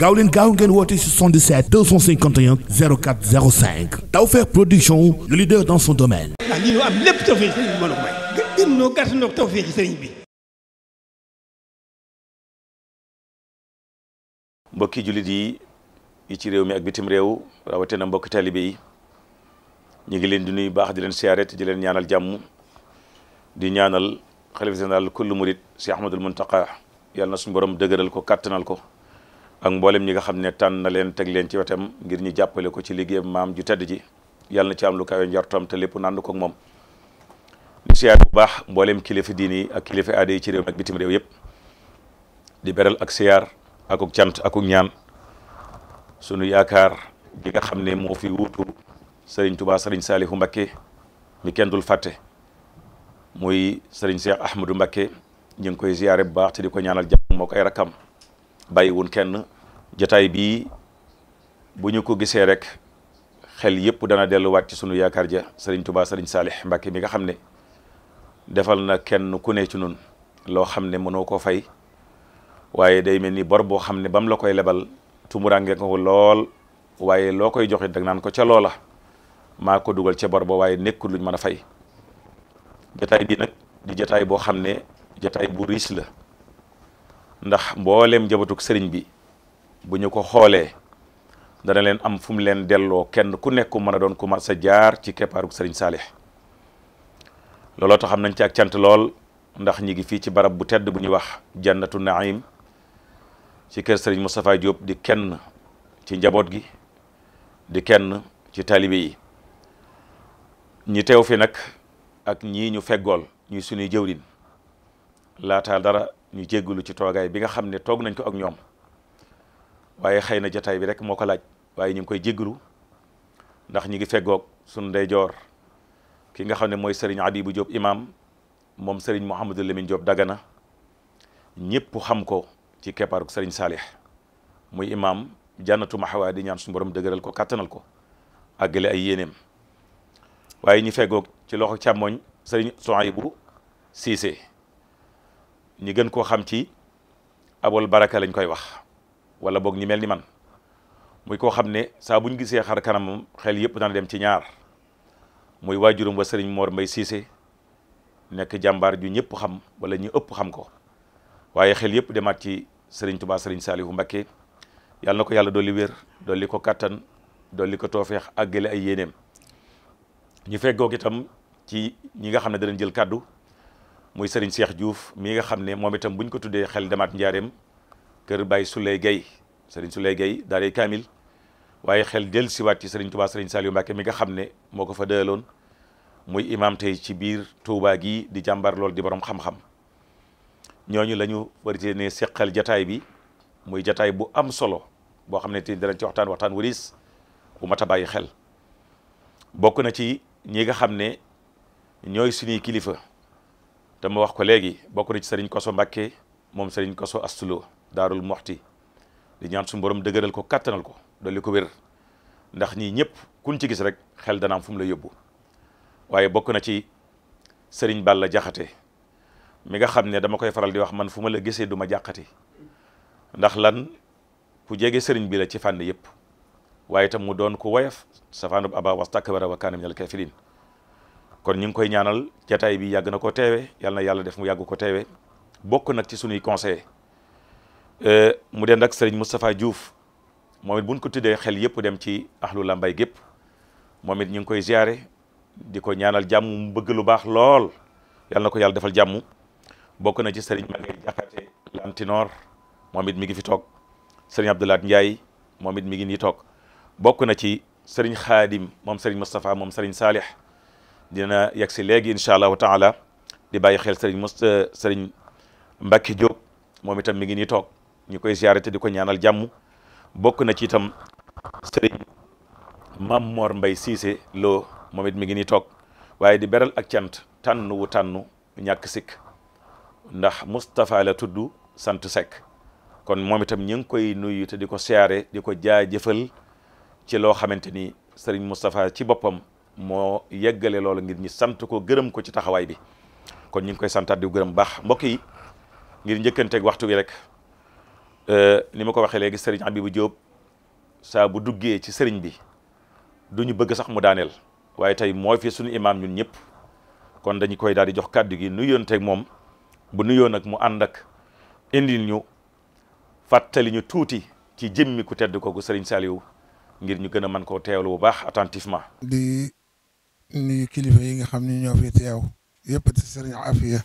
gaaw leen gaaw ngeen woote 77 251 04 05 Tawfekh Production le leader dans son domaine. ah lii ñu am mbokki jullit yi yi ci réew mi ak bitim réew rawatina mbokki talibe yi ñu ngi leen di nuyu baax di leen siyaare di leen ñaanal jàmm di ñaanal xalifa général kullu murid si Ahmadul Muntaqa yàlla na suñu borom dëgëral ko kàttanal ko. ak mboolem ñi nga xam ne tànn na leen teg leen ci wetam ngir ñu jàppale ko ci liggéeyam maam ju tedd ji yàlla na ci am lu kawe njortam te lépp nànd ko ak siyaar bu baax mboolem kilifa diini yi ak kilifa aada yi ci réew mi ak bitim réew yëpp di beral ak siyaar akuk cant akuk ñaan sunu yaakaar gi nga xam ne moo fi wuutu sëriñ Touba sëriñ Saalihu Mbakke mi kenn dul fàtte muy sëriñ Cheikh Ahmadou Mbakke ñu ngi koy ziyaare bu baax te di ko ñaanal jàmm moo koy rakkam bàyyiwun kenn jotaay bii bu ñu ko gisee rek xel yëpp dana delluwaat ci sunu yaakaar ja sëriñ tubaa sëriñ saale Mbàkke mi nga xam ne defal na kenn ku ne ci nun loo xam ne mënoo koo fay waaye day mel ni bor boo xam ne bam la koy lebal tumurange ko lool waaye loo koy joxe dag naan ko ca loola maa ko dugal ca bor ba waaye nekku luñ mën a fay jotaay bi nag di jotaay boo xam ne jotaay bu riis la ndax mbooleem jabatug sëriñ bi bu ñu ko xoolee dana leen am fu mu leen delloo kenn ku nekk mën a doon ku mat jaar ci keppaarug sëriñ Saalix looloo tax am nañ ci ak cant lool ndax ñi ngi fii ci barab bu tedd bu ñuy wax jannatu naim ci kër sëriñ Moustapha jóob di kenn ci njaboot gi di kenn ci taalibe yi ñi teew fi nag ak ñii ñu feggool ñuy sunuy jëwrin laata dara ñu jéggalu ci toogaay bi nga xam ne toog nañ ko ak ñoom waaye xëy na jotaay bi rek moo ko laaj waaye ñu ngi koy jéggalu ndax ñu ngi feggoog sunu ndeyjoor ki nga xam ne mooy Serigne Adibou Diop imaam moom Serigne Mouhamadou Lamine Diop Dagana ñëpp xam ko ci keppaaruk Serigne Salih muy imam jannatu maxawaa di ñaan suñu borom dëgëral ko kattanal ko àggale ay yéeneem waaye ñu feggoog ci loxo càmmoñ Serigne Souhaïbou Cissé ñi gën koo xam ci abol baraka lañ koy wax wala boog ñi mel ni man muy koo xam ne saa buñ gisee xar kanamam xel yëpp dana dem ci ñaar muy waajuram wa sëriñ Mor Mbay Siise nekk jàmbaar ju ñëpp xam wala ñu ëpp xam ko waaye xel yëpp demaat ci sëriñ Tuubaa sëriñ Saalihu Mbakke yàlla na ko yàlla dolli wér dolli ko kattan dolli ko toofeex àggale ay yéeneem ñu feggoog itam ci ñi nga xam ne danañ jël kàddu muy Serigne Cheikh Diouf mi nga xam ne moom itam buñ ko tuddee xel demaat njaareem kër Baye Souley Guèye Serigne Souley Guèye daaray Kaamil waaye xel del siwaat ci Serigne Touba saal Saliou Mbacké mi nga xam ne moo ko fa dëloon muy imam tey ci biir Touba gi di jàmbar lool di borom xam-xam ñooñu lañu ñu warite ne seqal jataay bi muy jataay bu am solo boo xam ne te danañ ci waxtaan waxtaan wuris bu mat a bàyyi xel bokk na ci ñi nga xam ne ñooy suñuy kilifa te wax ko léegi bokk na ci sëriñ Koso Mbàkke moom sëriñ Koso Astulo Daarul Moxti di ñaan suñu borom dëgëral ko kattanal ko dolli ko wér ndax ñii ñëpp kuñ ci gis rek xel dana am fu mu la yóbbu waaye bokk na ci sëriñ Balla Jaxate mi nga xam ne dama koy faral di wax man fu ma la gisee du ma jàqati ndax lan ku jege sëriñ bi la ci fànn yëpp waaye tam mu doon ko woyof safaanub aba wastakbara wa kaana minal kaafiriin kon ñu ngi koy ñaanal jataay bi yàgg na ko teewe yàlla na yàlla def mu yàgg ko teewe bokk nag ci sunuy conseil euh, mu den ak sëriñ Moustapha Diouf moom it buñ ko tuddee xel yëpp dem ci ahlu lambay gépp moom it ñu ngi koy ziare di ko ñaanal jàmm mu bëgg lu baax lool yàlla na ko yàlla defal jàmm bokk na ci sëriñ Magay Jaxate Lantinoor moom it mi ngi fi toog sëriñ Abdoulaat Ndiaye moom it mi ngi nii toog bokk na ci sëriñ Xaadim moom sëriñ Moustapha moom sëriñ Saalih dina yegg si léegi incha allahu taala di bàyyi xel sëriñ mos euh, sëriñ Mbacke Diop moom itam mi ngi nii toog ñu koy ziare te di ko ñaanal jàmm bokk na ci itam sëriñ Mam Mor Mbay Siise loo moom it mi ngi nii toog waaye di beral ak cant tànn wu tànn ñàkk sikk ndax Moustapha la tudd sant Seck kon moom itam ñu ngi koy nuyu te di ko siyaare di ko jaajëfal ci loo xamante ni sëriñ Moustapha ci boppam moo yeggale loola ngir ñi sant ko gërëm ko ci taxawaay bi kon ñu ngi koy santaat di gërëm baax mbokk yi ngir njëkkanteeg waxtu wi rek euh, ni ma ko waxee léegi sëriñ bu Jóob saa bu duggee ci sëriñ bi du ñu bëgg sax mu daaneel waaye tey mooy fi suñu imaam ñun ñëpp kon dañu koy daal di jox kàddu gi teeg moom bu nuyyoo nag mu ànd ak indil ñu fàttali ñu tuuti ci jëmmi ku tedd kooku sëriñ Saliou ngir ñu gën a mën koo teewlu bu baax attentivement. nuyu kilifa yi nga xam ni ñoo fi teew yëpp ci sëriñ Afiya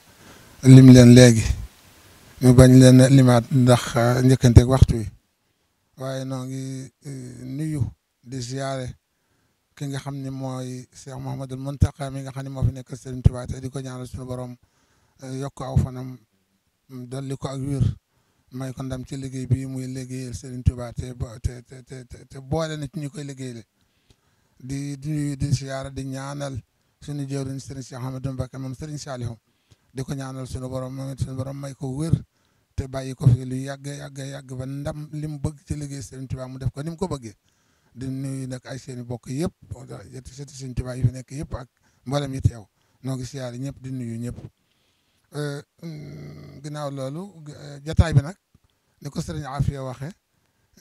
lim leen léegi ñu bañ leen limaat ndax euh, njëkkanteeg waxtu wi waaye noo ngi euh, nuyu di ziare ki nga xam ni mooy Cheikh Mouhamadul Mountakha mi nga xam ne moo fi nekk sëriñ Tuubaa di ko ñaanal suñu borom euh, yokk aw fanam dolli ko ak wér may ko ndam ci liggéey bi muy liggéeyal sëriñ Tuubaa te te te te boole na ci ñu koy liggéeyal di nuyu di siyaara di ñaanal suñu jëwriñ Serigne Cheikh Ahmadou moom Serigne Saliou di ko ñaanal suñu borom moom borom may ko wér te bàyyi ko fi lu yàgg yàgg yàgg ba ndam li mu bëgg ci liggéey Serigne Touba mu def ko ni ko bëggee di nuyu nag ay seen i bokk yëpp yëpp surtout Serigne Touba yi fi nekk yëpp ak mboolem yi teew noo ngi siyaara ñëpp di nuyu ñëpp. Euh, mm, ginnaaw loolu jataay bi nag ni ko Serigne Afia waxee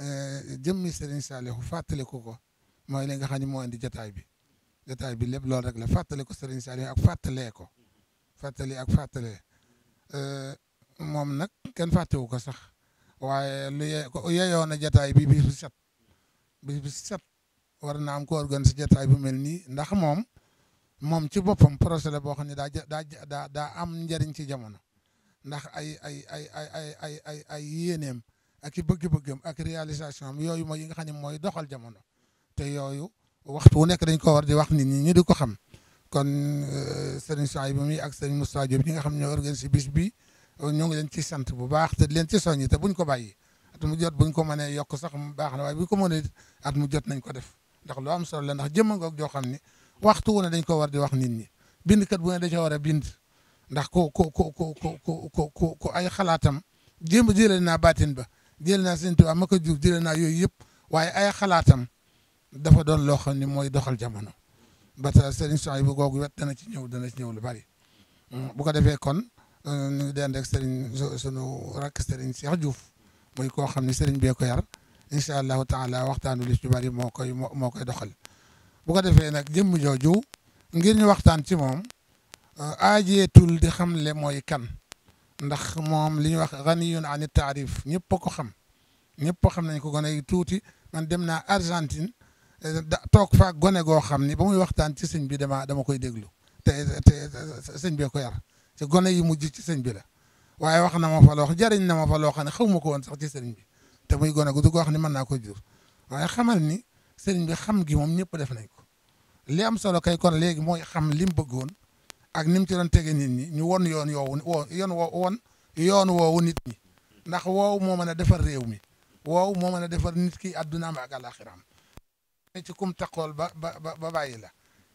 euh, jëmmi Serigne Saliou fàttaliku ko. mooy li nga xam ne moo indi jataay bi jataay bi lépp loolu rek la fàttali ko Serigne Saliou ak fàttalee ko fàttali ak fàttalee euh, moom nag kenn fàttewu ko sax waaye lu yeyoon na jataay bi bis bu bi bis bu set war na am ko organiser jataay bu mel nii ndax moom moom ci boppam projet la boo xam ne daa daa daa am njëriñ ci jamono ndax ay ay ay ay ay ay ay ay yéeneem ak i bëgg-bëggam ak réalisation am yooyu mooy yi nga xam ne mooy doxal jamono te yooyu waxtu wu nekk dañ ko war di wax nit ñi ñu di ko xam kon sëriñ Saay bi mi ak sëriñ Moustapha Diop ñi nga xam ne ñoo organisé bis bi ñoo ngi leen ci sant bu baax te leen ci soññi te buñ ko bàyyi at mu jot buñ ko mënee yokk sax mu baax na waaye buñ ko mënee at mu jot nañ ko def ndax loo am solo la ndax jëmm ngoog joo xam ne waxtu wu ne dañ ko war di wax nit ñi bindkat bu ne dañoo war a bind ndax ko ko ko ko ko ku ku ay xalaatam jéem a jëlee naa baatin ba jëlee naa Sëriñ Tuubaa ma ko jur jëlee naa yooyu yëpp waaye ay xalaatam dafa doon loo xam ne mooy doxal jamono ba ta Serigne Souhaïbou googu wet dana ci ñëw dana ci ñëw lu bari mm, bu ko defee kon euh, ñu ngi dend ak Serigne sunu rakk Serigne Cheikh Diouf muy koo xam ne Serigne bee ko yar incha allahu taala waxtaanu li ci bari moo koy moo koy doxal bu ko defee nag jëmm jooju ngir ñu waxtaan ci moom euh, aajeetul di xam le mooy kan ndax moom li ñu wax ganiyun ani taarif ñëpp a ko xam ñëpp xam nañ ko gën a tuuti man dem naa Argentine. toog fa gone goo xam ni ba muy waxtaan ci sëñ bi dama dama koy déglu te sëñ bee ko yar te gone yi mujj ci sëñ bi la waaye wax na ma fa loo xam na ma fa loo xam ne xaw ko woon sax ci bi te muy gone gu du ko wax ni mën naa ko waaye xamal ni sëriñ bi xam gi moom ñëpp def nañ ko li am solo kay kon léegi mooy xam li mu bëggoon ak ni mu ci doon tege nit ñi ñu won yoon yoowu woo yoon woo won yoon woowu nit ñi ndax woowu moo mën a defar réew mi woowu moo mën a defar nit ki addunaam ak àlaxiraam ne ci kum takkool ba ba ba bàyyi la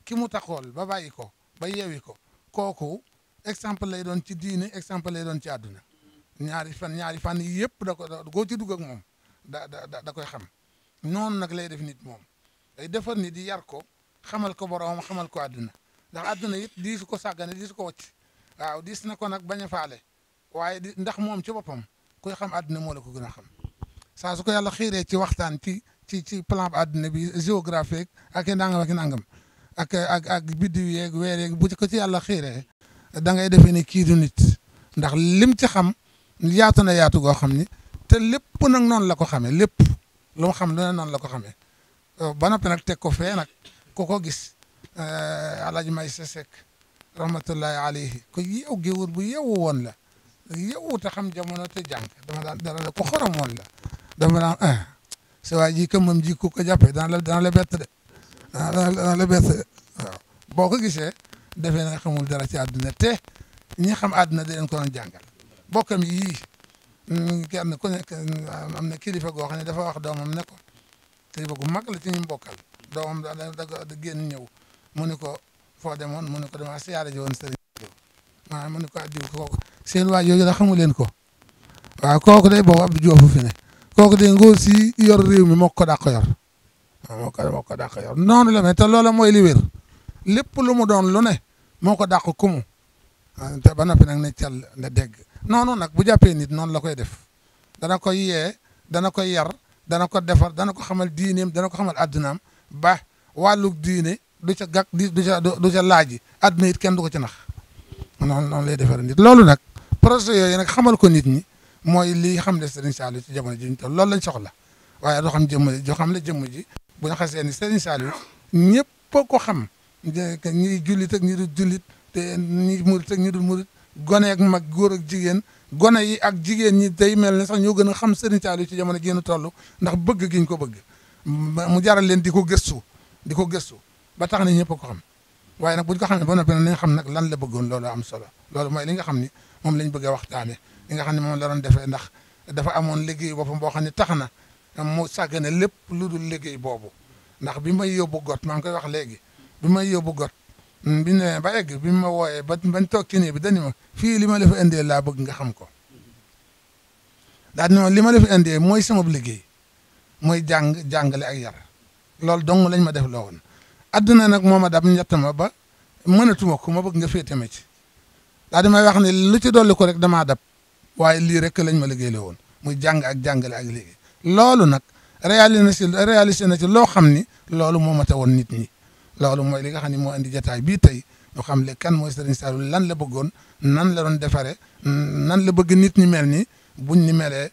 ki mu takkool ba bàyyi ko ba yeewi ko kooku exemple lay doon ci diine exemple lay doon ci àdduna ñaari fan ñaari fan yi yëpp da ko goo ci dugg ak moom da da da koy xam noonu nag lay def nit moom day defar ni di yar ko xamal ko boroom xamal ko àdduna ndax àdduna it diisu ko sàggane diisu ko wacc waaw diis na ko nag bañ a faale waaye di ndax moom ci boppam kuy xam àdduna moo la ko gën a xam saa su ko yàlla xiiree ci waxtaan ci ci ci plan àdduna bi géographique ak i nangam ak nangam ak ak ak biddiw yeeg weer bu ko ci yàlla xiiree da ngay defee ni kii du ndax lim ci xam yaatu na yaatu goo xam ni te lépp nag noonu la ko xamee lépp lu mu xam lu noonu la ko xamee euh, ba noppi nag teg ko fee nag ku ko gis euh, alaaj may sa sek rahmatullahi alayhi ko yeew géwër bu yeewu woon la yeewu te xam jamono te jàng dama daan dara ko xorom woon la dama daan eh. sa waa ji këmmam ji ku ko jàppee dana la dana la bett de dana dana la boo ko gisee defee na xamul dara ci àdduna te ñi xam àdduna di leen ko doon jàngal bokkam yii mm, kenn ku nekk mm, am na kilifa goo xam ne dafa wax doomam ne ko kilifa gu mag la ci ñu bokkal doomam da ñëw mu ne ko foo demoon mu ne ko dama siyaare ji woon sëriñ diw maanaam mu ne ko addiw kooku seen waa yooyu xamu leen ko waaw kooku day boobu Abdou Diouf kooku de ngóor si yor réew mi moo ko dàq yor moo noonu la mais te loola mooy li wér lépp lu mu doon lu ne moo ko dàq kumu ah, te ba noppi nag ne cal nda dégg noonu nag bu jàppee nit noonu la koy def dana ko yee dana ko yar dana ko defar dana ko xamal diineem dana ko xamal addunaam ba wàllu diine du ca gàkk du ca du ca laaji adduna it kenn du ko ci nax noonu noonu lay defar nit loolu nag projet yooyu nag xamal ko nit ñi. mooy li xam ne Serigne Saliou ci jamono ji ñu toll loolu lañ soxla waaye doo xam jëmm joo xam ne jëmm ji bu ñu xasee ni Serigne Saliou ñëpp a ko xam ñi jullit ak ñi dul jullit te ñi murit ak ñi dul murit gone ak mag góor ak jigéen gone yi ak jigéen ñi day mel ne sax ñoo gën a xam Serigne Saliou jamono ji ñu toll ndax bëgg gi ñu ko bëgg mu jaral leen di ko gëstu di ko gëstu ba tax na ñëpp a ko xam waaye nag bu ñu ko xamee ba noppi nañ xam nag lan la bëggoon loolu am solo loolu mooy li nga xam ni moom lañ bëgg a waxtaane li nga xam ne moom la doon defee ndax dafa amoon liggéey boppam boo xam ne tax na mu sàggane lépp lu dul liggéey boobu ndax bi may yóbbu got maa ngi koy wax léegi bi may yóbbu got mm, bi ne ba egg bi ma wooyee ba bañ toog bi dañu ma fii li ma la fi indee laa bëgg nga xam ko daal ne li ma la fi indee mooy sama liggéey mooy jàng jàngale ak yar loolu dong lañ ma def loo woon adduna nag moo ma dab ñett ma ba mënatuma ko ma bëgg nga féete ma ci daal di may wax ne lu ci dolli ko rek damaa dab waaye lii rek lañ ma liggéeyle woon muy jàng ak jàngale ak liggéey loolu nag réalisé na ci réalisé na ci loo xam ni loolu moo mate woon nit ñi loolu mooy li nga xam ne moo indi jataay bii tey ñu xam le kan mooy Serigne Saliou lan la bëggoon nan la doon defaree nan la bëgg nit ñi mel ni buñ ni melee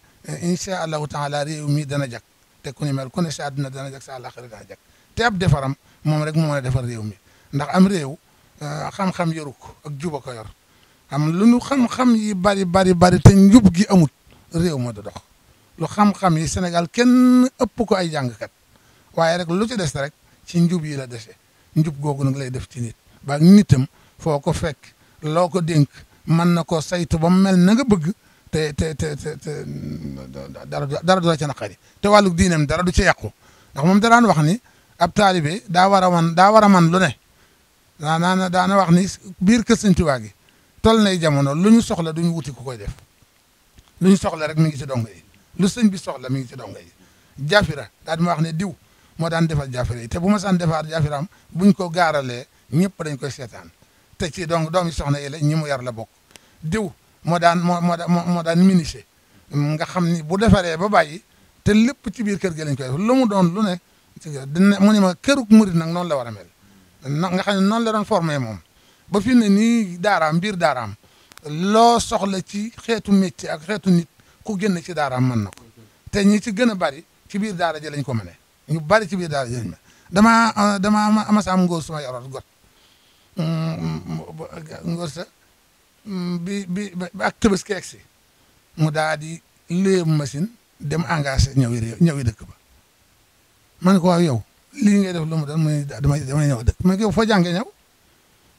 incha allahu taala réew mi dana jag te ku ni mel ku ne àdduna dana jag sa àllaxira jag te defaram moom rek mu mën defar réew mi ndax am réew euh, xam-xam yoru ko ak juba ko yor am lu ñu xam-xam yi bari bari bari te njub gi amut réew ma da dox lu xam-xam yi Sénégal kenn ëpp ko ay jàngkat waaye rek lu ci des rek ci njub yi la dese njub googu nag lay def ci nit ba nitam foo ko fekk loo ko dénk mën na ko saytu ba mel na nga bëgg te te te te dara dara du la ca naqari te wàllu diinam dara du ca yàqu ndax moom daraan wax ni ab taalibe daa war a man daa war a man lu ne na daana wax ni biir kër Sëñ Tuubaa gi tol nay jamono lu ñu soxla duñu wuti ku koy def lu ñu soxla rek mi ngi ci dongo yi lu sëñ bi soxla mi ngi ci dongo yi jaafira daal moo ma ne diw moo daan defal jaafira yi te bu ma saan defar jaafiraam buñ ko gaaralee ñëpp dañ koy seetaan te ci donc doom yi soxna yi la ñi mu yar la bokk diw moo daan moo moo moo daan ministre nga xam ni bu defaree ba bàyyi te lépp ci biir kër gi lañ koy def lu mu doon lu ne dina mu ne ma këruk murit nag noonu la war a mel nga xam ne noonu la doon moom ba fi nii daaraam biir daaraam loo soxla ci xeetu métier ak xeetu nit ku génn ci daaraam mën na ko te ñi ci gën a bari ci biir daara ji lañ ko mënee ñu bari ci biir daara ji lañ ma damaa euh, damaa ma am ngóor suma mm, sa mm, bi bi ak tëbës keeg mu daa di léeb machine dem engagé ñëwi réew ñëwi dëkk ba man ko waaw yow lii ngay def lu mu doon mu damay damay ñëw dëkk man ko yow foo ñëw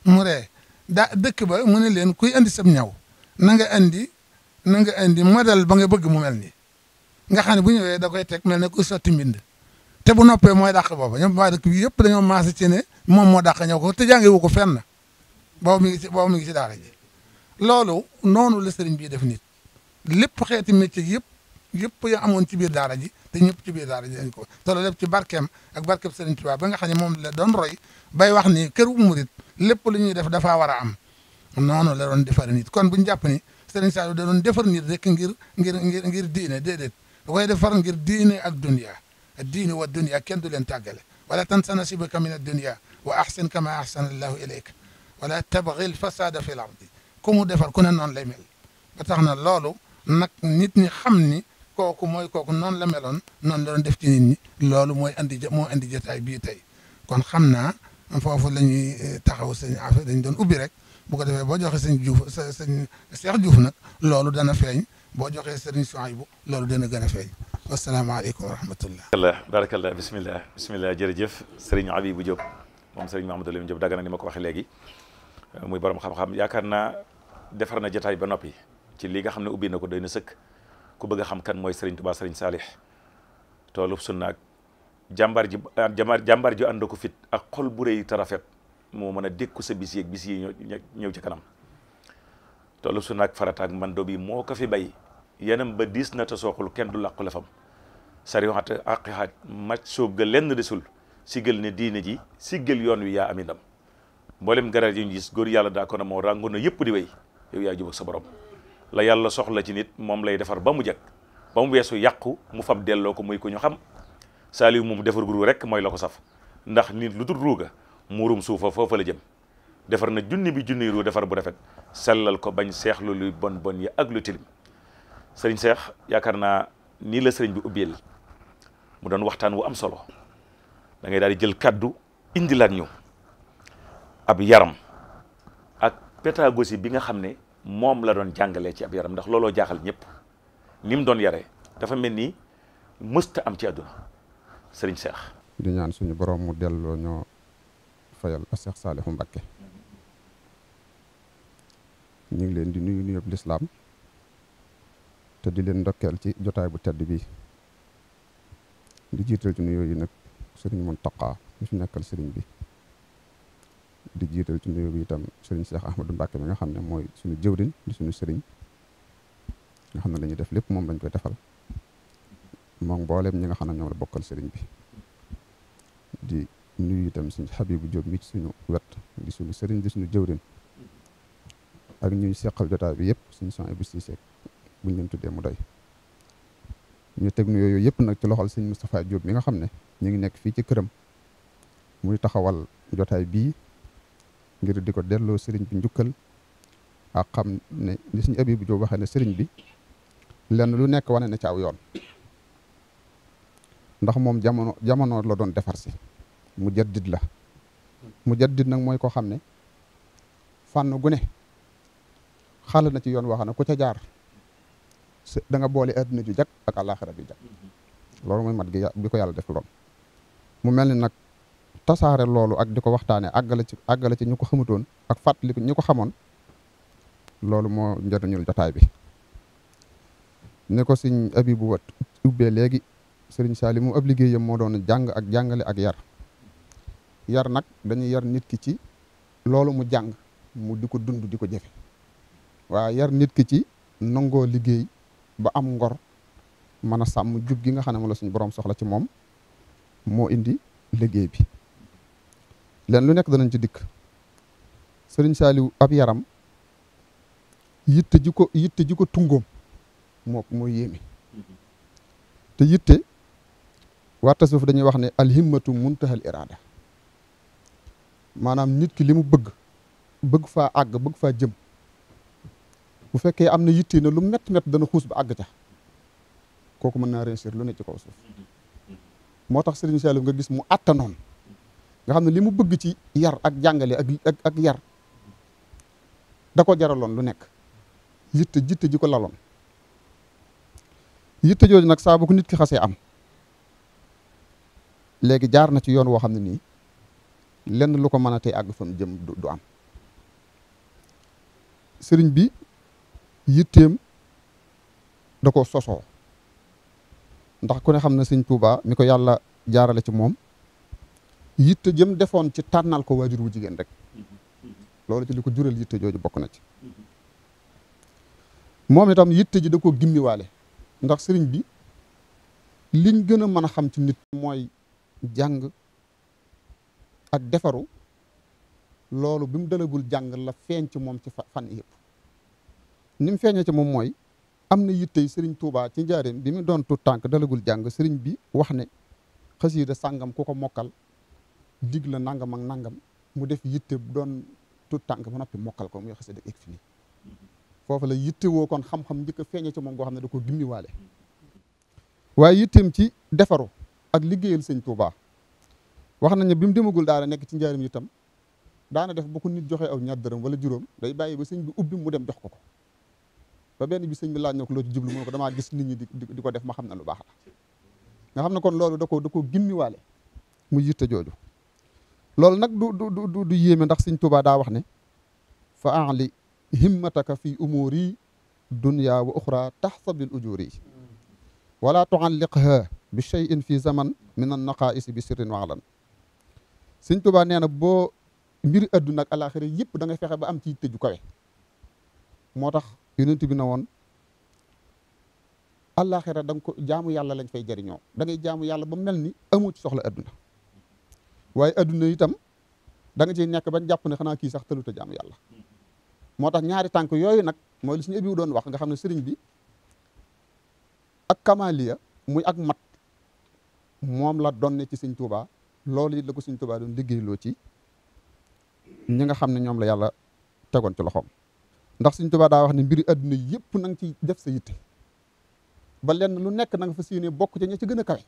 mu ree daa dëkk ba mu ne leen kuy andi sam ñaw na nga andi na nga andi modèle ba nga bëgg mu mel ni nga xam ne bu ñëwee da koy teg mel ne ku sotti mbind te bu noppee mooy dàq booba ñoom waa dëkk bi yëpp dañoo maase ci moom moo dàq ñëw ko te jànge wu ko fenn boobu mi ngi ci boobu mi ngi ci daara ji loolu noonu la sëriñ bii def nit lépp xeeti métier yëpp yëpp ya amoon ci biir daara ji te ñëpp ci biir daara ji dañ ko te loolu lépp ci barkeem ak barkeem sëriñ Tuubaa ba nga xam ne moom la doon roy bay wax ni këru murit lépp lu ñuy def dafaa war a am noonu la roon defar nit kon bu ñu jàpp ni Serigne Saliou da doon defar nit rek ngir ngir ngir ngir diine déedéet da koy defar ngir diine ak dunya diine wa dunya kenn du leen tàggale wala tansa nasibaka min ad-dunya wa ahsin kama ahsana allahu ilayka wala tabghi al-fasada fi al-ardi ku mu defar ku ne noonu lay mel ba tax na loolu nag nit ñi xam ni kooku moy kooku noonu la meloon noonu la def ci nit loolu mooy andi moo andi jotaay bii tey kon xam naa foofu la ñuy eh, taxaw sëñ affaire dañ doon ubbi rek bu ko defee boo joxe sëñ Diouf sa sëñ Cheikh Diouf nag loolu dana feeñ boo joxee sëriñ Souhaïbou loolu dana gën a feeñ wasalaamaaleykum wa rahmatullah allah barakallah bismillah bismillah jërëjëf sëriñ Habibou Diop moom sëriñ Mahamadou Lim Diop dagg na ni ma ko waxee léegi eh, muy borom xam-xam yaakaar naa defar na jotaay ba noppi ci li nga xam ne ubbi na ko doy na sëkk ku bëgg a xam kan mooy sëriñ Tuubaa sëriñ Saalix toolu sunna ak jàmbar ji ah, jàmbar jàmbar ji ànd ko fit ak xol bu rëy te rafet moo mën a dékku sa bis yeeg bis yi ñëw ci kanam tollu su naag farataak mando bi moo ko fi bay yenam ba diis na te sooxul kenn du làqu lefam sariwaat ak xaaj mac soob ga lenn desul si siggal ne diine ji si gël yoon wi yaa am ndam mboolem garar yi ñu góor yàlla daa ko na moo ràngoon na yëpp di way yow yaa jubag sa borom la yàlla soxla ci nit moom lay defar ba mu jag ba mu weesu yàqu mu fab delloo ko muy ko ñu xam Saliou mu defar gu rek mooy la ko saf ndax nit lu dul ruuga muurum suufa foofu la jëm defar na junni bi junni ruu defar bu rafet sellal ko bañ seexlu luy bon bon yi ak lu tilim sëriñ seex yaakaar naa nii la sëriñ bi la mu doon waxtaan wu am solo da daal di jël kàddu indilaat ñëw ab yaram ak pédagogie bi nga xam ne moom la doon jàngalee ci ab yaram ndax looloo jaaxal ñëpp ni mu doon yare dafa mel ni mësta am ci àdduna sëriñ Cheikh. di ñaan suñu borom mu delloo ñoo fayal a Cheikh Saalihu Mbakke ñu ngi leen di nuyu nuyub lislaam te di leen ndokkeel ci jotaay bu tedd bi di jiital ci nuyoo yi nag sëriñ Mountakha mi su nekkal sëriñ bi di jiital ci nuyoo bi itam sëriñ Cheikh Ahmadou Mbakke bi nga xam ne mooy suñu jëwriñ di suñu sëriñ nga xam ne lañuy def lépp moom lañ koy defal. moom mbooleem ñi nga xam ne ñoom la bokkal sëriñ bi di nuyu itam suñu Xabibu Jóob mi suñu wet di suñu sëriñ di suñu jëwrin ak ñuy seqal jotaay bi yëpp suñu son bu Siise buñ leen tuddee mu doy ñu teg nu yooyu yëpp nag ci loxol sëñ Moustapha Diop mi nga xam ne ñu ngi nekk fii ci këram muy taxawal jotaay bii ngir di ko delloo sëriñ bi njukkal ak xam ne li suñu Abibu Diop waxee ne sëriñ bi lenn lu nekk wane na ci aw yoon ndax moom jamono jamono la doon defar si mu jaddid la mu jaddid nag mooy koo xam ne fànn gu ne xàll na ci yoon wax na ku ca jaar danga nga boole adduna ju jag ak àllaaxira bi loolu mooy mat gi bi ko yàlla def loon mu mel ni nag tasaare loolu ak di ko waxtaanee àggale ci ñu ko xamutoon ak fàttali ñu ko xamoon loolu moo njëriñul jotaay bi ni ko sëñ Abibu wat ubbee léegi Serigne saali moom ab liggéeyam moo doon jàng ak jàngale ak yar yar nag dañuy yar nit ki ci loolu mu jàng mu di ko dund di ko jëfe waaye yar nit ki ci nangoo liggéey ba am ngor mën a sàmm jub gi nga xam ne moom suñu borom soxla ci moom moo indi liggéey bi leen lu nekk danañ ci dikk sëriñ Saliou ab yaram yitte ji ko yitte ji ko tungoom moo moo yéeme mm-hmm. te yitte waa tasawuf dañuy wax ne alhimmatu muntahal iraada maanaam nit ki li mu bëgg bëgg faa àgg bëgg faa jëm bu fekkee am na yittee na lu métti métti dana xuus ba àgg ca kooku mën naa réussir lu ne ci kaw tax Serigne Saliou nga gis mu àttanoon nga xam ne li mu bëgg ci yar ak jàngale ak ak da ko jaraloon lu nekk yitte jitte ji ko laloon yitte jooju nag saa bu ko nit ki xasee am léegi jaar na ci yoon woo xam ne nii lenn lu ko mën a tey àgg jëm du am sëriñ bi yitteem da ko sosoo ndax ku xam na sëñ Touba mi ko yàlla jaarale ci moom yitte jëm defoon ci tànnal ko waajur wu jigéen rek loolu ci li ko jural yitte jooju bokk na ci moom itam yitte ji da ko gimmiwaale ndax sëriñ bi liñ gën a mën a xam ci nit mooy jàng ak defaru loolu bi mu dalagul jàng la feeñ ci moom ci fan yëpp ni mu feeñee ci moom mooy am na yittey Serigne Touba ci njaareem bi mu doon tu tànk dalagul jàng Serigne bi wax ne xasiida sangam ku ko mokkal dig la nangam ak nangam mu def yitte doon tu tànk ba noppi mokkal ko muy xasiida ak fini foofu la yitte woo kon xam-xam njëkk a feeñee ci moom goo xam ne da ko gimmiwaale waaye yitteem ci defaru ak liggéeyal sëñ Touba wax nañ ne bi mu demagul daara nekk ci njaarim itam daana def bu ko nit joxe aw ñaar dërëm wala juróom day bàyyi ba sëñ bi ubbi mu dem jox ko ko ba benn bi sëñ bi laaj na ko loo ci jublu ko damaa gis nit ñi di ko def ma xam na lu baax la nga xam ne kon loolu da ko da koo mu yitte jooju loolu nag du du du du yéeme ndax sëñ Touba daa wax ne fa aali himmataka fi umuuri dunya wa uxra taxsabil ujuri wala tualliqha bi shay'in fi zaman min an naqaa'isi bi sirrin wa alan sëñ Tuubaa nee na boo mbiri àdduna ak alaaxira yëpp da ngay fexe ba am ci yitte ju moo tax yonent bi na woon alaaxira da jaamu yàlla lañ fay jëriñoo da ngay jaamu yàlla ba mel ni amoo ci soxla àdduna waaye àdduna itam da nga ciy nekk bañ jàpp ne xanaa kii sax tëluta jaamu yàlla moo tax ñaari tànk yooyu nag mooy li suñu ëbiwu doon wax nga xam ne sëriñ bi ak kamaliya muy ak mat moom la donne ci sëñ Tuubaa loolu it la ko sëñ Tuubaa doon liggéeyloo ci ñi nga xam ne ñoom la yàlla tegoon ci loxoom ndax sëñ Tuubaa daa wax ni mbiri àdduna yëpp nanga nga def sa ba lenn lu nekk na nga fa siyéne bokk ca ña ci gën a kawe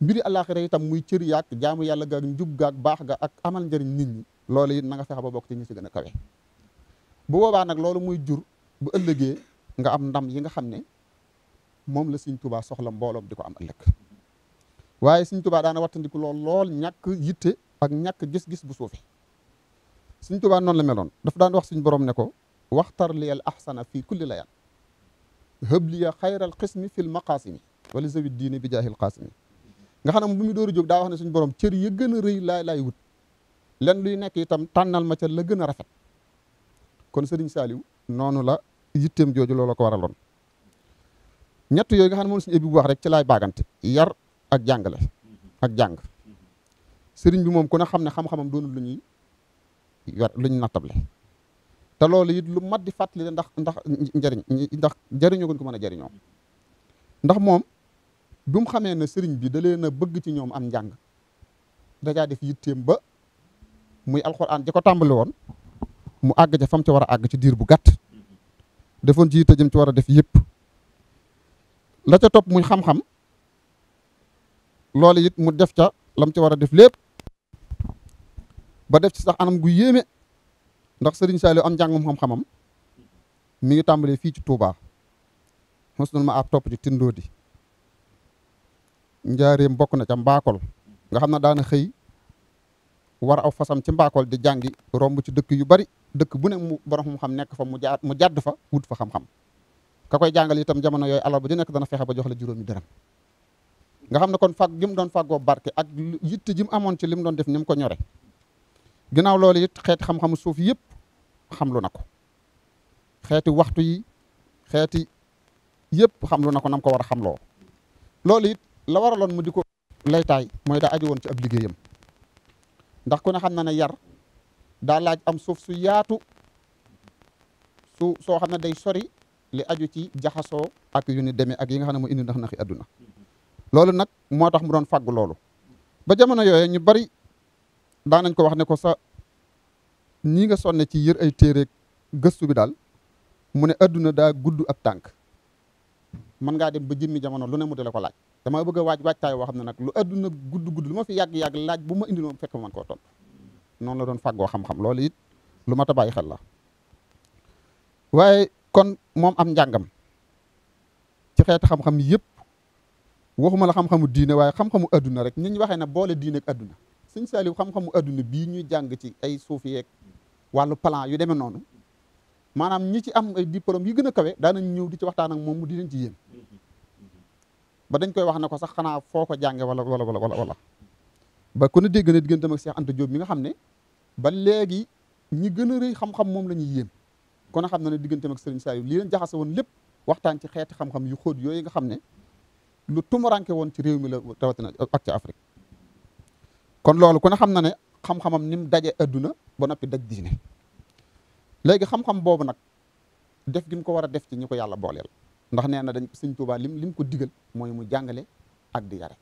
mbiri yi tam muy cër yaag jaamu yàlla gaag njub gaag baax ga ak amal njëriñ nit ñi loolu it na nga fexe ba bokk ci ña ci gën a kawe bu boobaa nag loolu muy jur bu ëllëgee nga am ndam yi nga xam ne moom la siñ Tuubaa soxla mbooloom di ko am ëllëg waaye Sëriñ Tuubaa daana wattandiku lool lool ñàkk yitte ak ñàkk gis-gis bu suufe Sëriñ Tuubaa noonu la meloon dafa daan wax suñ boroom ne ko waxtar liyal ahsana fii kulli layaan hëbliya xayral xismi fil maqaasimi wala zawid diine bi jaahil qaasimi nga xam ne bu mu door a jóg daa wax ne suñ borom cër ya gën a rëy laay laay wut len luy nekk itam tànnal ma ca la gën a rafet kon Sëriñ Saaliw noonu la yitteem jooju loola ko waraloon ñett yooyu nga xam ne moom si ébi bu wax rek ci laay baagante yar ak jàngale mm-hmm. ak jàng mm-hmm. sëriñ bi moom ku ne xam ne xam-xamam doonul lu ñuy yor lu ñu te loolu it lu mat di fàttali la ndax ndax njariñ ndax jëriñoo guñ ko mën a jariñoo mm-hmm. ndax moom bi mu xamee ne sëriñ bi da leen a bëgg ci ñoom am njàng dajaa def yitteem ba muy alxuraan ji ko tàmbali woon mu àgg ca fam ci war a àgg ci diir bu gàtt defoon ci yitte jëm ci war a def yëpp la ca topp mu xam-xam loolu it mu def ca lam ca war a def lépp ba def ci sax anam gu yéeme ndax sëriñ Saliou am njàngum xam-xamam mi ngi tàmbalee fii ci Touba mos na ma ab topp ci Tindoodi njaareem bokk na ca Mbakol nga xam ne daana xëy war aw fasam ci Mbakol di jàngi romb ci dëkk yu bari dëkk bu ne mu borom xam-xam nekk fa mu jaar mu jàdd fa wut fa xam-xam. ka koy jàngal itam jamono yooyu àllarba ju nekk dana fexe ba jox la juróomi dërëm nga xam ne kon fàgg gi doon fag fàggoo barke ak yitte ji mu amoon ci li mu doon def ni ko ñore ginnaaw loolu it xeeti xam-xamu suuf yëpp xamlu na ko xeeti waxtu yi xeeti yëpp xamlu na ko nam ko war a xamloo loolu it la waraloon mu di ko laytaay mooy daa aju woon ci ab liggéeyam ndax ku ne xam na ne yar daa laaj am suuf su yaatu su soo xam ne day sori li aju ci jaxasoo ak yu ni demee ak yi nga xam ne moo indi ndax naxi àdduna loolu nag moo tax mu doon fàggu loolu ba jamono yooyu ñu bari nañ ko wax ne ko sa nii nga sonne ci yër ay téere gëstu bi daal mu ne àdduna daa gudd ab tànk man ngaa dem ba jëmmi jamono lu ne mu dele ko laaj dama bëgg a waaj waajtaay woo xam ne nag lu àdduna gudd gudd lu ma fi yàgg-yàgg laaj bu ma indi noonu fekk ma mën koo tontu noonu la doon fàggoo xam-xam loolu it lu mat bàyyi xel la moom am njàngam ci xeetu xam-xam yëpp waxuma la xam-xamu diine waaye xam-xamu adduna rek ni ñu waxee ne boole diine ak sëñ Saaliw xam-xamu adduna bii ñuy jàng ci ay suuf yeeg wàllu plan yu demee noonu maanaam ñi ci am ay diplôme yi gën a kawe daanañ ñëw di ci waxtaan ak moom mu di leen ci yéem ba dañ koy wax ne ko sax xanaa foo jànge wala wala wala wala ba ku ne dégg na digganteem ak Cheikh Anta Diop mi nga xam ne ba léegi ñi gën a rëy xam-xam moom la ñuy yéem kon a xam na ne digganteem ak Serigne Saliou lii leen jaxase woon lépp waxtaan ci xeeti xam-xam yu xóot yooyu nga xam ne lu tumuranke woon ci réew mi la rawatina ak ci Afrique kon loolu ku ne xam na ne xam ni mu daje adduna ba noppi daj diine léegi xam-xam boobu nag def gi ko war a def ci ñi ko yàlla booleel ndax nee na dañ Sëñ Tuubaa lim lim ko digal mooy mu jàngale ak di yare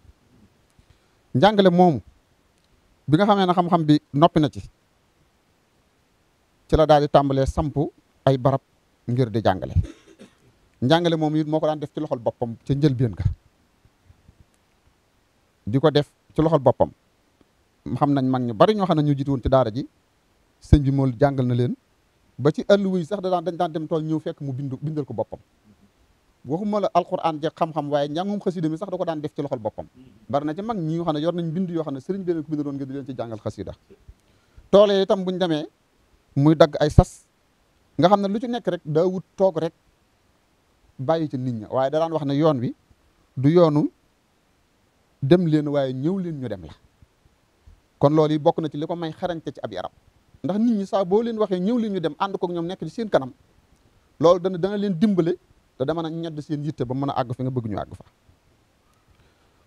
njàngale moomu bi nga xamee na xam-xam bi noppi na ci ci la daal di tàmbalee sampu ay barab ngir di jàngale jàngale moom it moo ko daan def ci loxol boppam ca njëlbéen ga di ko def ci loxol boppam xam nañ mag ñu bari ñoo xam ne ñu jiitu woon ci daara ji sëñ bi mool jàngal na leen ba ci àlluwa yi sax da daan dañ daan dem tool ñëw fekk mu bindu bindal ko boppam waxuma la alquran jeeg xam-xam waaye njàngum xasida mi sax da ko daan def ci loxol boppam bari na ci mag ñi ñoo xam yor nañ bind yoo xam ne sëriñ bi leen ko bindoon ngir di leen ci jàngal xasida toole itam buñ demee muy dagg ay sas nga xam ne lu ci nekk rek daa wut toog rek bàyyi ci nit ña waaye da daan wax na yoon wi du yoonu dem leen waaye ñëw leen ñu dem la kon loolu yi bokk na ci li ko may xarañte ci ab yaram ndax nit ñi saa boo leen waxee ñëw leen ñu dem ànd koog ñoom nekk ci seen kanam loolu dana dana leen dimbale te dama na ñedd seen yitte ba mën a àgg fi nga bëgg ñu àgg fa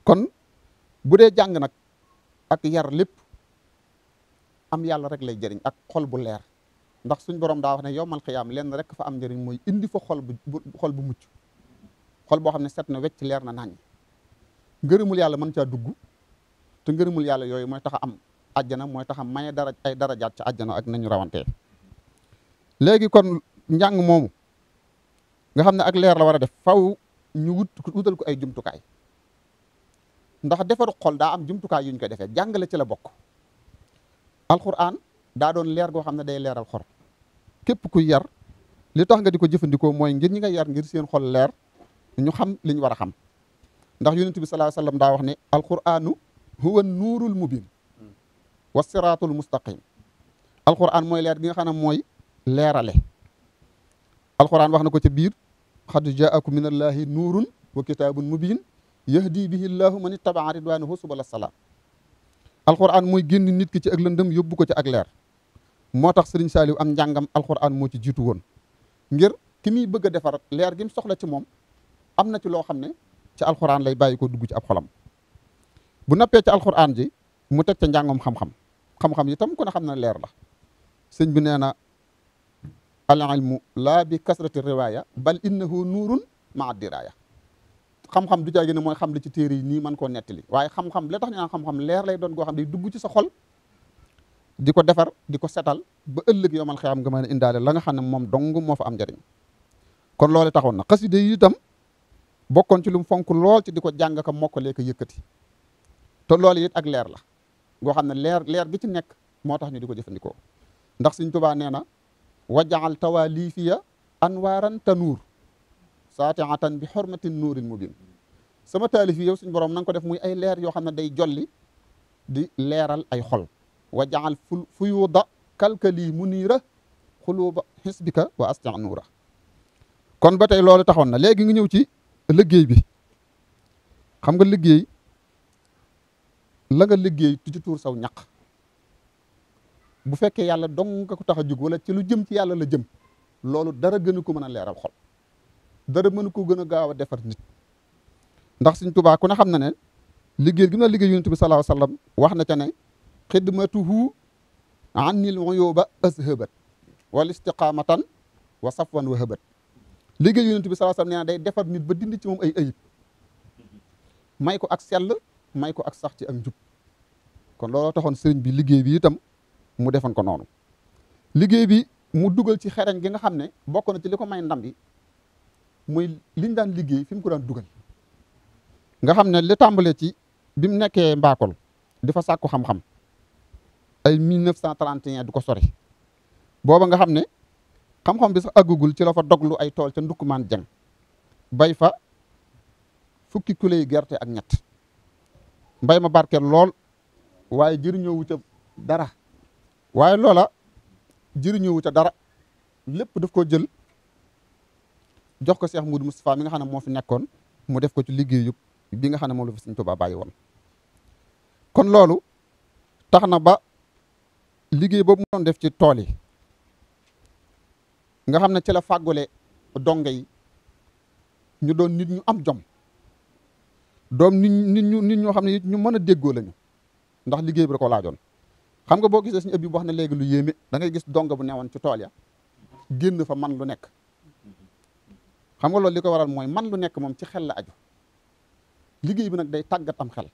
kon bu dee jàng nag ak yar lépp am yàlla rek lay jëriñ ak xol bu leer ndax suñ borom daa wax ne yowmal xiyaam lenn rek fa am njëriñ mooy indi fo xol bu xol bu mucc xol boo xam ne set na wecc leer na nañ ngërëmul yàlla mën caa dugg te ngërëmul yàlla yooyu mooy tax a am àjjana mooy tax a maye dara ay darajaat ca àjjana ak nañu rawantee léegi kon njàng moomu nga xam ne ak leer la war a def faw ñu wut wutal ko ay jumtukaay ndax defaru xol daa am jumtukaay yu ñu koy defee jàngale ci la bokk alquran daa doon leer goo xam ne day leeral xol képp ku yar li tax nga di ko jëfandikoo mooy ngir ñi nga yar ngir seen xol leer ñu xam li ñu war a xam ndax yonent bi sallallahu alayhi wasallam daa wax ne alquranu huwa nuurul mubin wa siraatul mustaqim alquran mooy leer gi nga xam ne mooy leerale alquran wax na ko ca biir xadu xad jaakum min allahi nuurun wa kitaabun mubin yahdi bihi llahu man ittabaa ridwanahu subala salaam alquran mooy génn nit ki ci ak lëndëm yóbbu ko ci ak leer moo tax Serigne Saliou am njàngam alxuraan moo ci jiitu woon ngir ki muy bëgg a defar leer gi soxla ci moom am na ci loo xam ne ci alxuraan lay bàyyi ko dugg ci ab xolam bu nappee ci alxuraan ji mu teg ca njàngam xam-xam xam-xam itam ku ne xam na leer la sëñ bi nee na al ilmu laa bi kasrati riwaaya bal innahu nuurun maa diraaya xam-xam du jaage ne mooy xam li ci téere yi nii mën ko nettali waaye xam-xam la tax ñu xam-xam leer lay doon goo xam ne dugg ci sa di ko defar di ko setal ba ëllëg yomal xiyaam nga mën a indaale la nga xam ne moom dong moo fa am njëriñ kon loolu taxoon na xasida yi itam bokkoon ci lu mu fonk lool ci di ko jàng ka mokkalee ko yëkkati te loolu it ak leer la goo xam ne leer leer gi ci nekk moo tax ñu di ko jëfandikoo ndax Sëñ Tuubaa nee na wajaal tawaalifiya anwaaran tanuur saatiatan bi xormatin nuurin mubin sama taalif yi yow suñ borom na nga ko def muy ay leer yoo xam ne day jolli di leeral ay xol wa wajaal fu fuyuda kalkali munira xuluuba xisbika wa astia nuura kon ba tey loolu taxoon na léegi nga ñëw ci liggéey bi xam nga liggéey la nga liggéey ci tuur saw ñaq bu fekkee yàlla dong nga ko tax a jug wala ci lu jëm ci yàlla la jëm loolu dara gënu ko mën a leeral xol dara mën ko gën a gaaw a defar nit ndax Sëñ Tuubaa ku ne xam na ne liggéey gi na liggéey Yonent bi sallallahu alayhi wa wax na ca ne xidmatuhu anil uyuba ashëbat wal istiqaamatan wa safwan wa hëbat liggéey yonent bi sallallahu alayhi wasallam nee na day defar nit ba dindi ci moom ay ayib may ko ak sell may ko ak sax ci am njub kon looloo taxoon sëriñ bi liggéey bi itam mu defoon ko noonu liggéey bi mu dugal ci xereñ gi nga xam ne bokk na ci li ko may ndam bi muy liñ daan liggéey fi mu ko daan dugal nga xam ne li tàmbalee ci bi mu nekkee mbaakol di fa sàkku xam-xam ay 1931 du ko sori booba nga xam ne xam-xam bi sax àggugul ci la fa doglu ay tool ca ndukkumaan jeng bay fa fukki kuley gerte ak ñett bay ma barkeel lool waaye jëriñoowu ca dara waaye loola jëriñoowu ca dara lépp daf ko jël jox ko Cheikh Moudou Moustapha mi nga xam ne moo fi nekkoon mu def ko ci liggéeyu bi nga xam ne moom la fi Sëñ Tuubaa bàyyi woon kon loolu tax na ba liggéey boobu mu doon def ci tool yi nga xam ne ci la fàggule donge yi ñu doon nit ñu am jom doom nit nit ñu nit ñoo xam ne ñu mën a déggoo lañu ndax liggéey bi da ko laajoon xam nga boo gisee suñu ëpp yi wax ne léegi lu yéeme dangay gis dong bu newoon ci tool ya génn fa man lu nekk xam nga lool li ko waral mooy man lu nekk moom ci xel la aju liggéey bi nag day tàggat am xel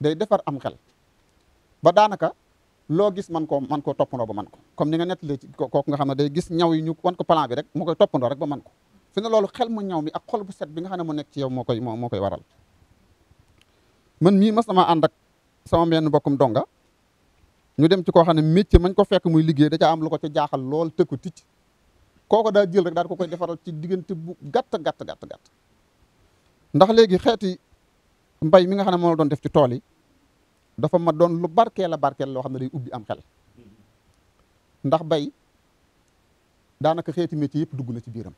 day defar am xel ba daanaka loo gis man koo man koo toppandoo ba man ko comme ni nga nettalee ci kooku nga xam ne day gis ñaw yi ñu wan ko plan bi rek mu koy toppandoo rek ba man ko fi ne loolu xel mu ñaw mi ak xol bu set bi nga xam ne mu nekk ci yow moo koy waral man mii ma sama ànd ak sama benn mbokkum donga ñu dem ci koo xam ne métier mañ ko fekk muy liggéey da ca am lu ko ca jaaxal lool tëkku ticc kooko daa jël rek daal ko koy defaral ci diggante bu gàtt gàtt gàtt gàtt ndax léegi xeeti mbay mi nga xam ne moo doon def ci tool yi dafa ma doon lu barkeel a barkeel loo xam ne day ubbi am xel ndax bay daanaka xeeti métier yëpp dugg na ci biiram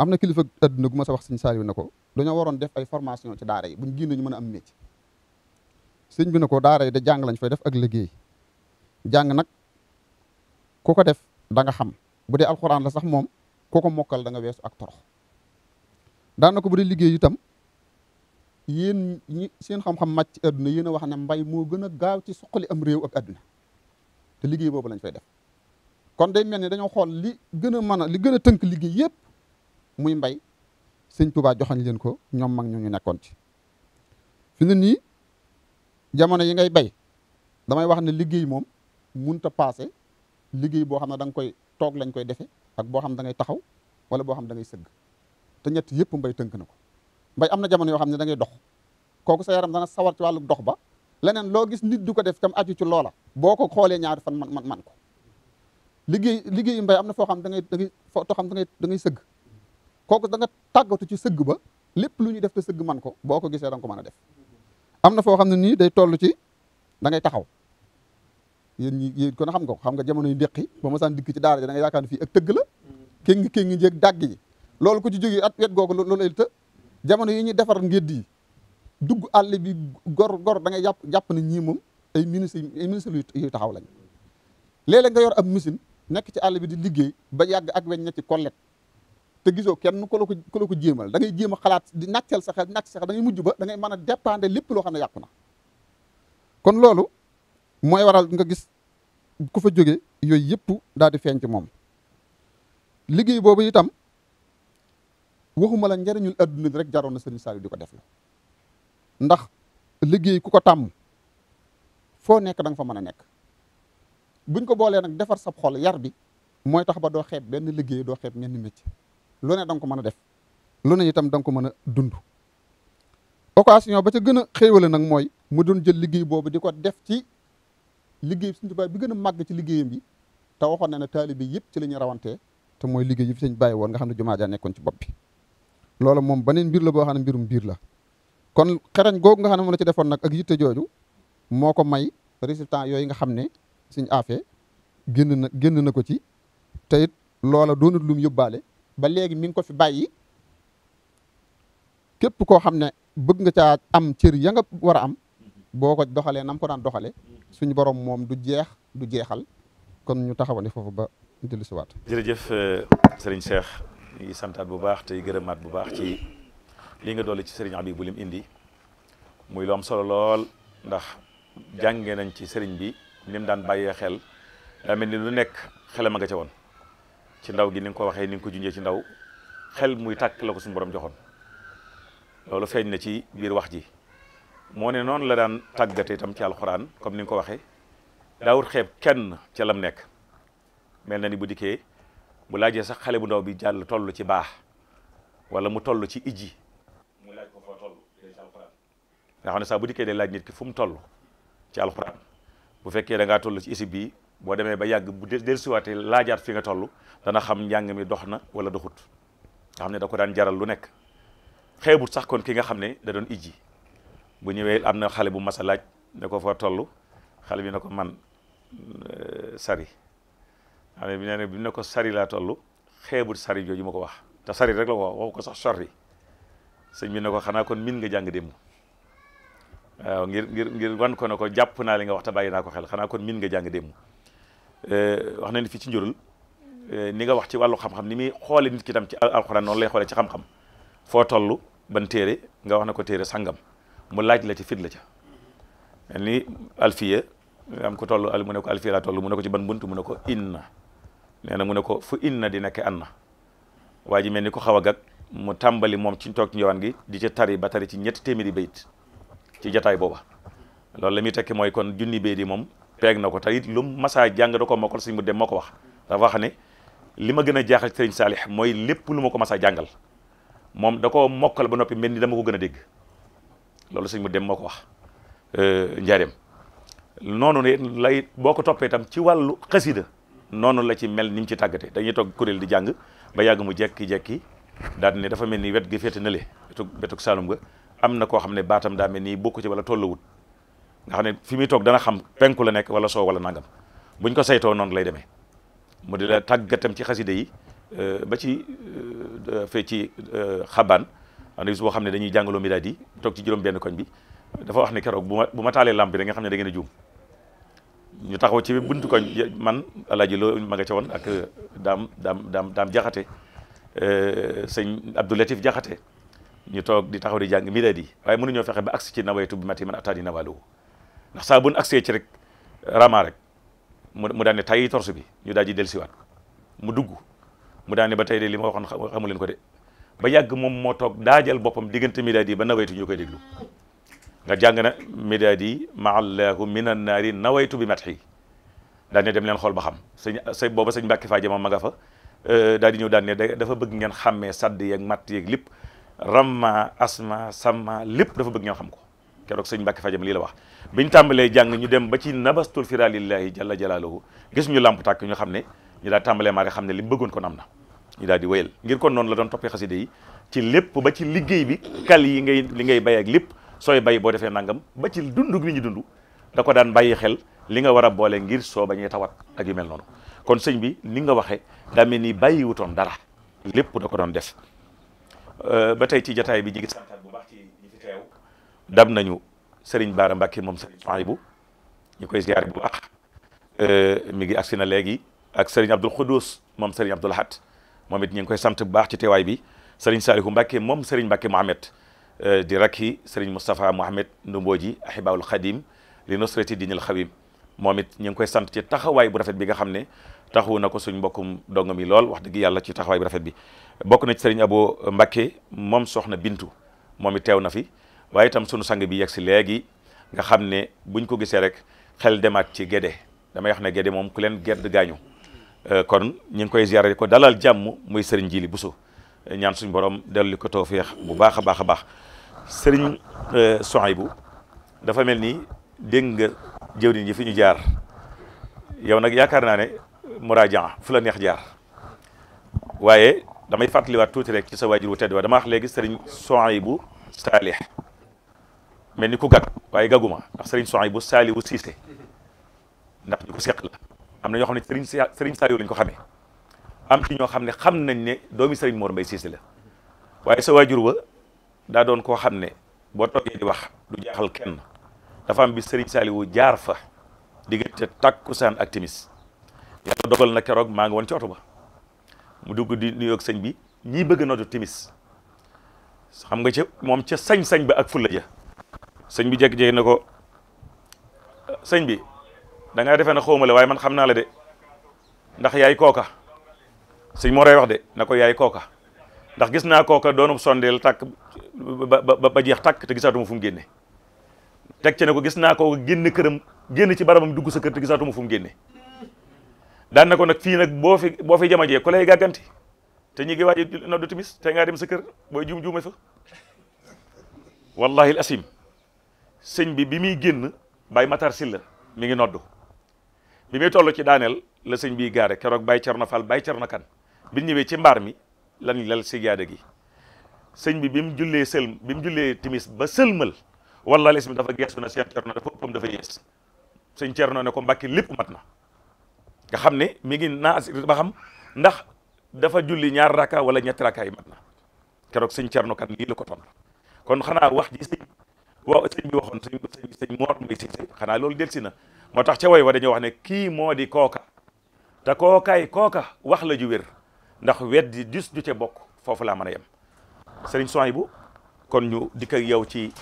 am na kilifa adduna gu ma sa wax sëñ Saliou ne ko dañoo waroon def ay formation ci daara yi buñ génne ñu mën a am métier sëñ bi ne ko daara yi da jàng lañ fay def ak liggéey jàng nag ku ko def da nga xam bu dee alxuraan la sax moom ku ko mokkal da nga weesu ak torox daana ko bu dee liggéey itam yéen ñi seen xam-xam màcc ci àdduna yéen a wax ne mbay moo gën a gaaw ci suqali am réew ak àdduna te liggéey boobu lañ fay def kon day mel ni dañoo xool li gën a mën a li gën a tënk liggéey yëpp muy mbay sëñ Tuubaa joxañ leen ko ñoom mag ñu ñu nekkoon ci fi ne nii jamono yi ngay bay damay wax ne liggéey moom munta paase liggéey boo xam ne danga koy toog lañ koy defe ak boo xam da ngay taxaw wala boo xam da ngay sëgg te ñett yëpp mbay tënk na ko mbay am na jamono yoo xam ne da ngay dox kooku sa yaram dana sawar ci wàllu dox ba leneen loo gis nit du ko def tam aju ci loola boo ko xoolee ñaari fan man man man ko liggéey liggéeyu mbay am na foo xam da ngay da ngay foo xam da ngay da ngay sëgg kooku da tàggatu ci sëgg ba lépp lu ñuy def te sëgg man ko boo ko gisee da nga mën a def am na foo xam ne nii day toll ci da ngay taxaw yéen ñi yéen kon xam nga xam nga jamono yu ndéqi ba ma saan ci daara ji da nga yaakaar ne fii ak tëgg la kéngi mm. kéngi jéeg dàgg yi loolu ku ci jógee at wet googu loolu ay të jamono yi ñuy defar ngédd yi dugg àll bi gor gor da ngay jàpp jàpp na ñii moom ay ministre ay ministre yu taxaw lañ léeg nga yor ab machine nekk ci àll bi di liggéey ba yàgg ak weñ na ci collecte te gisoo kenn ku la ko ku ko jéemal da jéem a xalaat di nàccal sa xel nàcc sa xel mujj ba dangay ngay a dépendre lépp loo xam ne yàqu na kon loolu mooy waral nga gis ku fa jóge yooyu yëpp daal di feeñ ci moom liggéey boobu itam waxuma la njariñul adduna bi rek jaroon na Serigne Saliou di ko def la ndax liggéey ku ko tàmm foo nekk da fa mën a nekk buñ ko boolee nag defar sab xol yar bi mooy tax ba doo xeeb benn liggéey doo xeeb ñenn métier lu ne dang ko mën a def lu ne itam da nga ko mën a dund occasion ba ca gën a xéewale nag mooy mu dun jël liggéey boobu di ko def ci liggéey Sëñ Tuubaa bi gën a màgg ci liggéeyam bi te waxoon na ne taalibe yëpp ci la ñu rawantee te mooy liggéey yi fi sëñ bàyyi xam ne jumaa ja nekkoon ci bopp loola moom beneen mbir la boo xam ne mbirum biir la kon xerañ googu nga xam ne moom la ci defoon nag ak te jooju moo ko may résultat yooyu nga xam ne suñ affaire génn na génn na ko ci te it loola doonut lum yóbbaale ba léegi mi ngi ko fi bàyyi képp koo xam ne bëgg nga caa am cër ya nga war a am boo ko doxalee nam ko daan doxalee suñu borom moom du jeex du jeexal kon ñu taxawane foofu ba dellusiwaat. jërëjëf Serigne Cheikh. ñu ngi santaat bu baax tey gërëmaat bu baax ci lii nga dolli ci sëriñ bu lim indi muy loom solo lool ndax jànge nañ ci sëriñ bi ni daan bàyyee xel daa mel ni lu nekk xelam a nga ca woon ci ndaw gi ni ko waxee ni nga ko junjee ci ndaw xel muy takk la ko suñu borom joxoon loolu feeñ na ci biir wax ji moo ne noonu la daan tàggate itam ci alxuraan comme ni nga ko waxee daawut xeeb kenn ca lam nekk mel na ni bu dikkee bu laajee sax xale bu ndaw bi jàll toll ci baax wala mu toll ci ijji mu laaj ko foo toll ne saa bu dikkee day laaj nit fu mu toll ci alxuraan bu fekkee da ngaa toll ci isib bi boo demee ba yàgg bu dellusiwaatee laajaat fi nga toll dana xam njàng mi dox na wala doxut nga xam ne da ko daan jaral lu nekk xeebut sax kon ki nga xam ne da doon ijji bu ñëwee am na xale bu mas a laaj ne ko fa toll xale bi na ko man euh, sari xale bi na mu ne ko sari laa toll xeebut sari jooju ma ko wax te sari rek la ko ko sax sori sëñ bi ne ko xanaa kon miin nga jàng démb ngir ngir ngir wan ko ne ko jàpp naa li nga wax te bàyyi naa ko xel xanaa kon min nga jàng démb euh, wax nañ fi ci njurul euh, ni nga wax ci wàllu xam ni muy xoole nit ki tam ci alxuraan noonu lay xoole ci xam-xam foo toll ban téere nga wax ne ko téere sangam mu laaj la ci fit la ca ni alfiya am ko toll mu ne ko alfiya laa toll mu ne ko ci ban bunt mu ne ko inna nee na mu ne ko fu inna di nekk an na waa ji mel ni ko xaw a gag mu tàmbali moom ci toog njowaan gi di ca tari ba tari ci ñetti téeméeri bayit ci jataay booba loolu la muy tekki mooy kon junni ba yi moom peeg na ko te it lu masaa jàng da ko mokkal suñ mu dem moo ko wax dafa wax ne li ma gën a jaaxal ci sëriñ Saalix mooy lépp lu ma ko masaa jàngal moom da ko mokkal ba noppi mel ni dama ko gën a dégg loolu suñ mu dem moo ko wax euh, njaareem noonu ne boo ko toppee itam ci wàllu xasida noonu la ci mel ni mu ci tàggate dañuy toog kuréel di jàng ba yàgg mu jekki-jekki daal di ne dafa mel ni wet gi fete na le wetug wetug saalum ga am na koo xam ne baatam daa mel ni bokku ci wala tolluwut nga xam ne fi muy toog dana xam penku la nekk wala soo wala nangam buñ ko saytoo noonu lay demee mu di la tàggatam ci xaside yi euh, ba ci euh, fee ci euh, xabaan am na bis boo xam ne dañuy jàngaloo mi daal di toog ci juróom benn koñ bi dafa wax ne keroog bu ma ma taalee lamp bi nga xam ne da ngeen a juum ñu taxaw ci buntu koñ man alaaji loo ma nga ca woon ak daam euh, dam dam daam jaxate euh, sëñ Abdou Latif jaxate ñu toog di taxaw di jàng milaadi yi waaye mënuñoo fexe ba agsi ci nawaytu bi mati man attaani nawaalu ndax saa bu nu agsee ci rek rama rek mu mu daan ne tayyi torse bi ñu daal di dellusiwaat mu dugg mu daan ba tey de li ma waxoon xamu leen ko de ba yàgg moom moo toog daajal boppam diggante milaadi yi ba nawaytu ñu koy déglu nga jàng na midaadi maallahu min an naari nawaytu bi matxi daal ne dem leen xool ba xam sëñ sëñ booba sañ Mbàkke Faaje moom maga nga fa euh, daal di ñëw daan ne dafa bëgg ngeen xàmmee sadd yeeg matt yeeg lépp ramma asma samma lépp dafa bëgg ngeen xam ko keroog sëñ Mbàkke Faaje lii la wax biñ tàmbalee jàng ñu dem ba ci nabastul fira lillahi jalla jalaaluhu gis ñu làmp tàkk ñu xam ne ñu daal tàmbalee maa xam ne li mu bëggoon kon am na ñu daal di wéyal ngir kon noonu la doon toppee xaside yi ci lépp ba ci liggéey bi kal yi ngay li ngay bay ak lépp sooy bay boo defee nangam ba ci dundug nit ñi dund da ko daan bàyyi xel li nga war a boole ngir soo bañee tawat ak yu mel noonu kon sëñ bi ni nga waxee daa mel ni bàyyiwutoon dara lépp da ko doon def euh, ba tey ci jataay bi ñu ngi bu baax ci ñi fi teew nañu Serigne Bara Mbacke moom Serigne Sohaibou ñu koy ziare bu baax euh, mi ngi agsi na léegi ak Serigne Abdoul Khoudous moom Serigne Abdoul Hat moom it ñu ngi koy sant bu baax ci teewaay bi Serigne Salihu Mbacke moom Serigne Mbacke Mohamed Euh, di rakki sëriñ Moustapha Mohamed Ndombooji ahibaul Khadim li nusrati dinil xawim moom it ñu ngi koy sant ci taxawaay bu rafet bi nga xam ne taxawu na ko suñ mbokkum dongo mi lool wax dëgg yàlla ci taxawaay bu rafet bi bokk na ci sëriñ Abo Mbakke moom soxna Bintu moom it teew na fi waaye itam sunu sang bi yegg si léegi nga xam ne buñ ko gisee rek xel demaat ci gédé damay wax ne gédé moom ku leen gedd gaañu euh, kon ñu ngi koy ziyaare ko dalal jàmm muy sëriñ Jili Buso ñaan suñ borom dellu ko tawféex bu baax a baax a baax sëriñ euh, Souhaïbou dafa mel ni dégg nga jëwriñ yi fi ñu jaar yow nag yaakaar naa ne muraaja fu la neex jaar waaye damay fàttaliwaat tuuti rek ci sa waajur wu tedd wa dama wax léegi sëriñ Souhaïbou Saalih mel ni ku gag waaye gaguma ndax sëriñ Souhaïbou Salihu Cissé ndax ñu ko seq la am na ñoo xam ne sëriñ sëriñ Salihu lañ ko xamee am ci ñoo xam ne xam nañ ne doomi Serigne Mor Mbaye Cissé la waaye sa waajur wa daa doon koo xam ne boo toogee di wax du jaaxal kenn dafa am bi Serigne Saliou jaar fa diggante takkusaan takku timis yàlla dogal na keroog maa ngi woon ci oto mu dugg di nuyoog sëñ bi ñii bëgg nootu timis xam nga ca moom ca sañ-sañ ba ak fulla ja sëñ bi jékki jeg na ko sëñ bi da ngaa defee na xawma la waaye man xam naa la de ndax yaay kooka sëñ Moray wax de na ko yaay kooka ndax gis naa kooka doonub sondeel tàkk ba ba ba jeex tàkk te gisaatuma fu mu génne teg ci ne ko gis naa kooka génn këram génn ci barabam dugg sa kër te gisaatuma fu mu génne daan na ko nag fii nag boo fi boo fi jamajee ku lay gàgganti te ñu ngi waaj a noddu timis te ngaa dem sa kër booy juum juume fa wallahi asim sëñ bi bi muy génn bay matar silla mi ngi noddu bi muy toll ci daaneel la sëñ bi gaare keroog bay cerno fal bay cerno bi ñëwee ci mbaar mi lan lal sijaada gi sëñ bi bi mu jullee sël bi mu jullee timis ba sëlmal wala les mi dafa geesu na sëñ Cerno dafa ëppam dafa yees sëñ Cerno ne ko mbàkki lépp mat na nga xam ne mi ngi naas ba xam ndax dafa julli ñaar raka wala ñetti raka yi mat na keroog sëñ Cerno kan lii la ko tontu kon xanaa wax ji sëñ bi waxoon sëñ sëñ sëñ Mor xanaa loolu delsi na moo tax ca way wa dañoo wax ne kii moo di kooka te kookaay kooka wax la ju wér ndax weddi dus du ca bokk foofu laa mën a yem sëriñ bu kon ñu dikk ak yow ci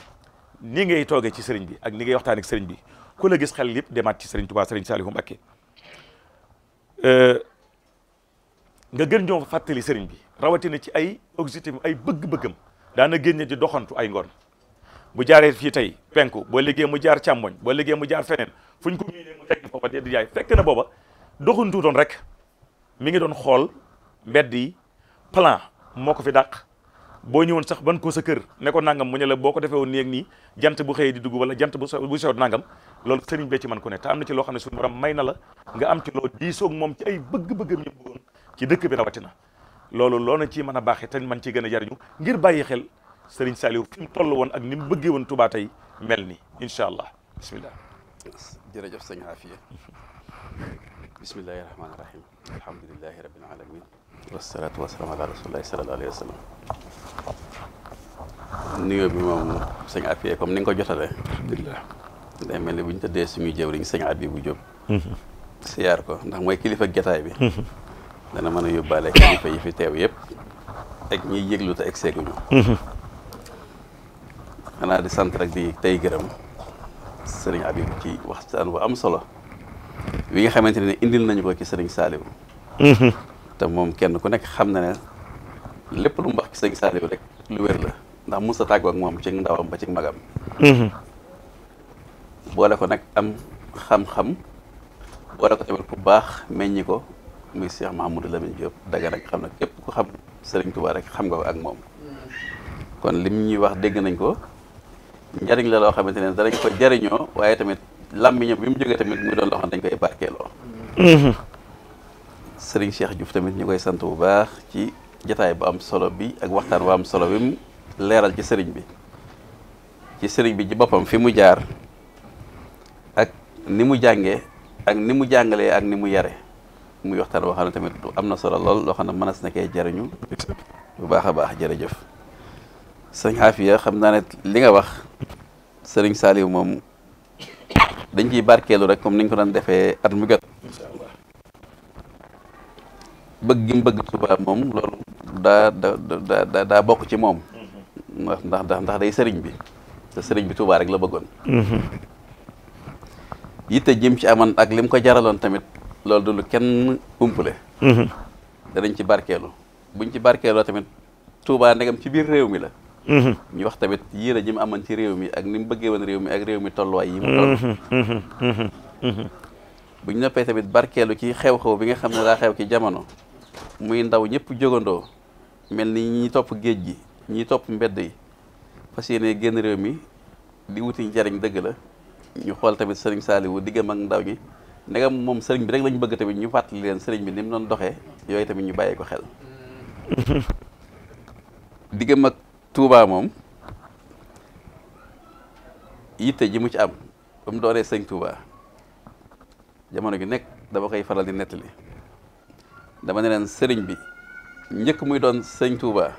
ni ngay toogee ci sëriñ bi ak ni ngay waxtaan sëriñ bi ku la gis xel yëpp demaat ci sëriñ Touba sëriñ Saliou Mbacké nga gën ñoo fàttali sëriñ bi rawatina ci ay objectif ay bëgg bëggëm daana génne di doxantu ay ngoon bu jaaree fii tey penku boo liggéey mu jaar càmmoñ boo liggéey mu jaar feneen fuñ ko miinee mu teg di jaay fekk na booba doxantu doon rek mi ngi doon xool mbedd yi plan moo ko fi dàq boo ñëwoon sax ban ko sa kër ne ko nangam mu ne boo ko defee woon ni ak nii jant bu xëyee di dugg wala jant bu bu sewut nangam loolu sëriñ bee ci man ku ne te am na ci loo xam ne suñu borom may na la nga am ci loo diisoog moom ci ay bëgg-bëggam ñu bëggoon ci dëkk bi rawatina loolu loo na ci mën a baaxee te man ci gën a jariñu ngir bàyyi xel sëriñ Saliou fi mu toll woon ak ni mu bëggee woon Touba tey mel ni incha allah bismillah jërëjëf sëñ Afia bismillahi rahmaani rahim alhamdulilahi rabbil alamin wasalaatu wasalaam ala rasulilahi sallallahu alayhi wa sallam nuyoo bi moom sëñ Afia comme ni nga ko jotale alhamdulilah day mel ni buñ ñu tëddee suñu jëwriñ sëñ Abi bu Jóob siyaar ko ndax mooy kilifa jataay bi mm-hmm. dana mën a yóbbaale kilifa yi fi teew yëpp ak ñiy yëglu te ak seeguñu mm-hmm. xanaa di sant rek di tey gërëm sëriñ Abib ci waxtaan bu am solo wi nga xamante ne indil nañu ko ci sëriñ Saliou mm-hmm. te moom kenn ku nekk xam na ne lépp lu mu wax ci sëñ Saliou rek lu wér la ndax musa tàggoo ak moom ci ndawam ba ci magam. Mhm. boole ko nag am xam-xam boole ko tamit ku baax meññi ko muy Cheikh Mahamadou Lamine la daga nag xam na képp ku xam rek xam ak moom. kon ñuy wax dégg nañ ko njariñ la loo xamante ne danañ ko jariñoo waaye tamit làmmiñam bi mu jógee tamit muy doon loo dañ koy barkeeloo. Mhm. sëriñ Cheikh Diouf tamit ñu koy sant bu baax ci jataay bu am solo bi ak waxtaan bu am solo bi leeral ci sëriñ bi ci sëriñ bi ci boppam fi mu jaar ak ni mu jàngee ak ni mu jàngalee ak ni mu yare muy waxtaan boo xam ne tamit am na solo lool loo xam ne mën na koy jariñu bu baax a baax jërëjëf sëñ Xaafiya xam naa ne li nga wax sëriñ Saliou moom dañ ciy barkeelu rek comme ni ñu ko doon defee at mu jot bëgg gi mu bëgg Tuubaa moom loolu daa daa bokk ci moom. ndax ndax ndax day sëriñ bi te sëriñ bi Tuubaa rek la bëggoon. Mm-hmm. yitte jëm ci aman ak lim ko jaraloon tamit loolu du lu kenn umpale. Mm-hmm. danañ ci barkeelu buñ ci barkeeloo tamit Tuubaa ndegam ci biir réew mi la. Mm-hmm. ñu wax tamit yéen a jëm amoon ci réew mi ak ni mu bëggee woon réew mi ak réew mi tolluwaay yi mu toll. bu ñu noppee tamit barkeelu ki xew-xew bi nga xam ne daa xew ci jamono. muy ndaw ñëpp jógandoo mel ni ñi topp géej gi ñi topp mbedd yi fas yéene génn réew mi di wuti njariñ dëgg la ñu xool tamit sëriñ Saliou diggam ak ndaw ñi ndegam moom sëriñ bi rek lañu bëgg tamit ñu fàttali leen sëriñ bi ni mu doxe yooyu tamit ñu bàyyi ko xel diggam ak Touba moom yitte ji mu ci am ba mu dooree sëñ Touba jamono gi nekk dama koy faral di nettali dama ne leen sëriñ bi njëkk muy doon sëñ Touba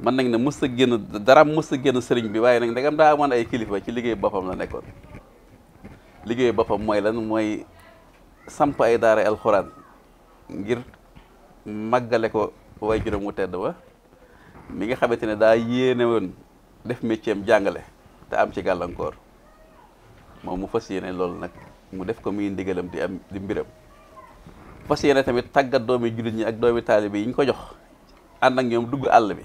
mën nañ ne mës a génn dara mës a génn sëriñ bi waaye nag ndegam daa amoon ay kilifa ci liggéey boppam la nekkoon liggéey boppam mooy lan mooy samp ay daara alxuraan ngir màggale ko way juróom wu tedd ba mi nga xamante ne daa yéene def métier jàngale te am ci gàllankoor moom mu fas yéene loolu nag mu def ko muy ndigalam di am di mbiram fas yéene tamit tàggat doomi jullit ñi ak doomi taalibe yi ñu ko jox ànd ak ñoom dugg àll bi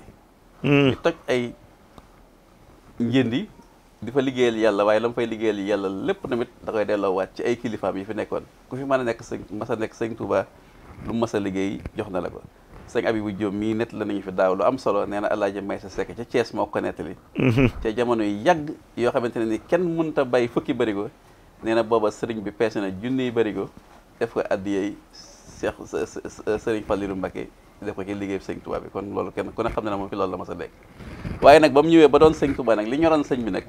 hmm. di toj ay njëndi di fa liggéeyal yàlla waaye la mu fay liggéeyal yàlla lépp tamit da koy delloowaat ci ay kilifaam yi fi nekkoon ku fi mën a nekk sëñ mas a nekk sëñ lu mas a liggéey jox na la ko sëñ Abibu Jóob mii nett la nañu fi daaw lu am solo nee na Alaaji Maysa Sekk ca cees moo ko nettali hmm. ca jamono yu yàgg yoo xamante ne ni kenn mënta bay fukki barigo nee na booba sëriñ bi peese na junniy ko Cheikh Serigne Fallirou Mbacké def ko ci liggéey sëñ Touba bi kon loolu kenn ku ne xam ne ne moom fi loolu la sa nekk waaye nag ba mu ñëwee ba doon sëñ Touba li ñoroon sëñ bi nag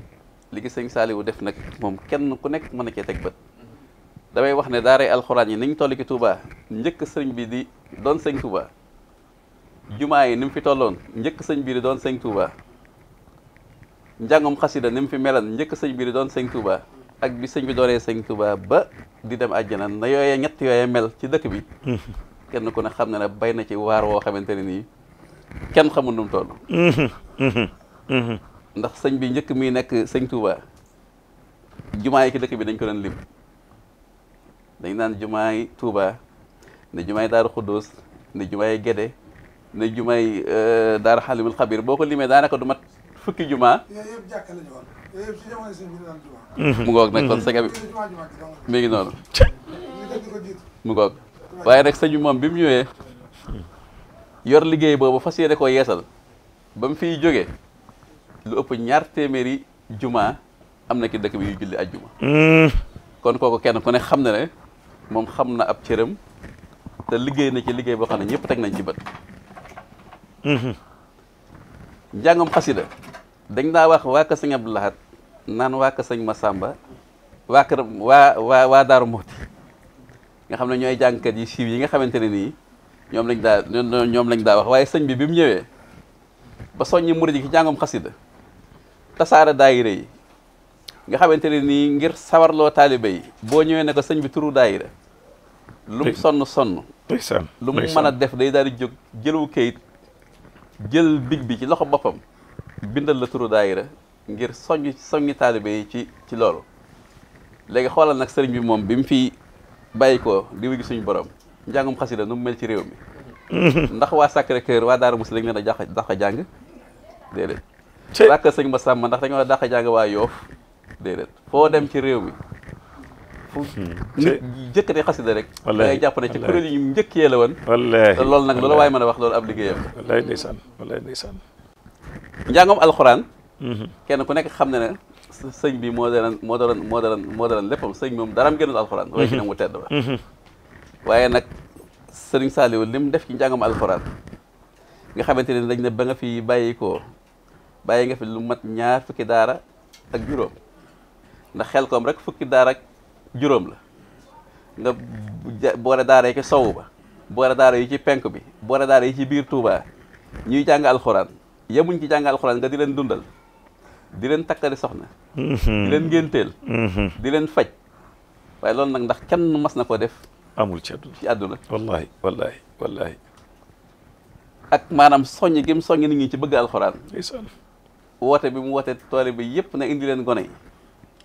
li ki sëñ Saliou def nag moom kenn ku nekk mën na cee teg bët damay wax ne daaray alxuraan yi niñ toll ci Touba njëkk sëñ bi di doon sëñ Touba jumaa yi ni mu fi tolloon njëkk sëñ bi di doon sëñ Touba njàngum xasida ni mu fi melan njëkk sëñ bi di doon sëñ Touba ak bi sëñ bi dooree sëñ Tuubaa ba di dem àjjana na yooya ñett yooya mel ci dëkk bi kenn ku ne xam ne na bay na ci waar woo xamante ne nii kenn xamul nu mu ndax sëñ bi njëkk muy nekk sëñ Tuubaa jumaa yi ci dëkk bi dañ ko doon lim dañ naan jumaay Tuubaa ne jumaay Daaru Xuddoos ne jumaay Gede ne jumaay euh, Daaru Xalimul Xabir boo ko limee daanaka du mat fukki juma. yooyu yëpp jàkka la mhm. mu ngoog nag kon sa gabi mi ngi noonu. mu ngoog waaye nag sëñ moom bi mu ñëwee yor liggéey boobu fas yéene koo yeesal ba mu fiy jógee lu ëpp ñaar téeméeri juma am na ki dëkk bi yu julli aj juma. Mhm. kon kooku kenn ku ne xam na ne moom xam na ab cëram te liggéey na ci liggéey boo xam ne ñëpp teg nañ ci bët. Mhm. njàngam xasida dañ daa wax waa kër sëñ Abdou naan waa kër ma sàmba waa kër waa waa waa Daaru Muxti nga xam ne ñooy jàngkat yi siiw yi nga xamante ne nii ñoom lañ daa ñoom lañ daa wax waaye sëñ bi bi mu ñëwee ba soññi murid yi ci jàngum xasida tasaare daayira yi nga xamante ne nii ngir sawarloo taalibe yi boo ñëwee ne ko sëñ bi turu daayira lu mu sonn sonn lu mu mën a def day daal di jóg jëlu kayit jël big bi ci loxo boppam bindal la turu daayira ngir soññ soññ taalibe yi ci ci loolu léegi xoolal nag sëriñ bi moom bi mu fi bàyyi ko di wégi suñu borom njàngum xasida nu mu mel ci réew mi ndax waa Sacré-Cœur waa Daaru Musi lañ leen a jàq dàq jàng déedéet waa Kër Sëñ Masamba ndax dañoo dàq jàng waa Yoof déedéet foo dem ci réew mi fu hmm. nit jëkkati xasida rek dangay jàpp na ci kuréel yi njëkk njëkkee la woon loolu nag loolu waaye mën a wax loolu ab liggéeyam wallaay wallaay ndeysaan njàngam alxuraan. Mhm. kenn ku nekk xam na ne sëñ bi moo doon moo doon moo doon moo doon léppam sëñ moom daraam gënul alxuraan. Mhm. waaye ci na mu tedd ba. Mhm. waaye nag sëriñ Saliou lim def ci njàngam alxuraan nga xamante ne dañ ne ba nga fi bàyyi ko bàyyi nga fi lu mat ñaar fukki daara ak juróom ndax xel koom rek fukki daara ak juróom la nga boole daara yi ci sowu ba boole daara yi ci penk bi boole daara yi ci biir Touba ñuy jàng alxuraan. yemuñ ci jàng alxuraan nga di leen dundal di leen takkali soxna di leen ngénteel mm-hmm. di leen faj waaye loolu nag ndax kenn mas na ko def amul ci àdduna ci àdduna wallahi wallahi wallahi ak maanaam soññ gi mu soññ nit ñi ci bëgg alxuraan woote bi mu woote toole bi yëpp na indi leen gone yi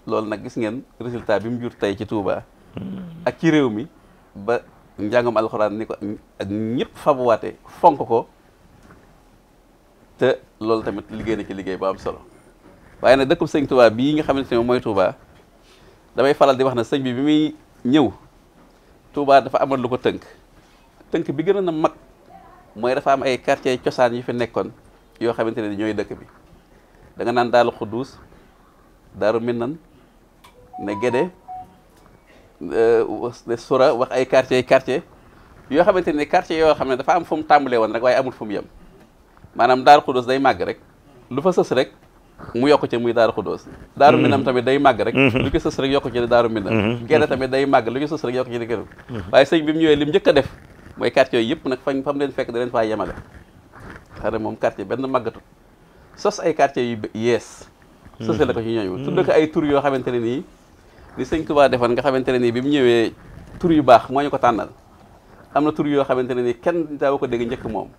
loolu nag gis ngeen résultat bi mu jur tey ci Touba mm-hmm. ak ci réew mi ba njàngam alxuraan ni ko ak ñëpp fabuwaate fonk ko te loolu tamit liggéey na ci liggéey bu am solo waaye nag dëkkub sëñ Touba yi nga xamante ne mooy Touba damay faral di wax ne sëñ bi bi muy ñëw Touba dafa amoon lu ko tënk tënk bi gën a mag mooy dafa am ay quartier cosaan yu fi nekkoon yoo xamante ne ñooy dëkk bi da nga naan Daaru Xuddus Daaru Minnan ne Gédé Sura wax ay quartier quartier yoo xamante ne quartier yoo xam ne dafa am fu mu tàmbalee woon rek waaye amul fu mu yem. maanaam daar xudóos day màgg rek lu fa sës rek mu yokk ci muy daaru xudóos daaru minam tamit day màgg rek mhm. lu ko sës rek yokk ci di daaru minam mhm. genne tamit day màgg lu ko sës rek yokk ci di gënu mhm. waaye sëñ bi ñëwee a def mooy quartier fekk da leen faa yemale xam ne moom quartier benn màggatut sos ay quartier yu yees sose la ko ci ñooñu tudd ko ay tur yoo xamante ne nii li sëñ Tuubaa defoon nga xamante ne nii bi mu ñëwee tur yu baax moo ñu ko tànnal am na tur yoo xamante ne nii kenn daaw ko dégg njëkk moom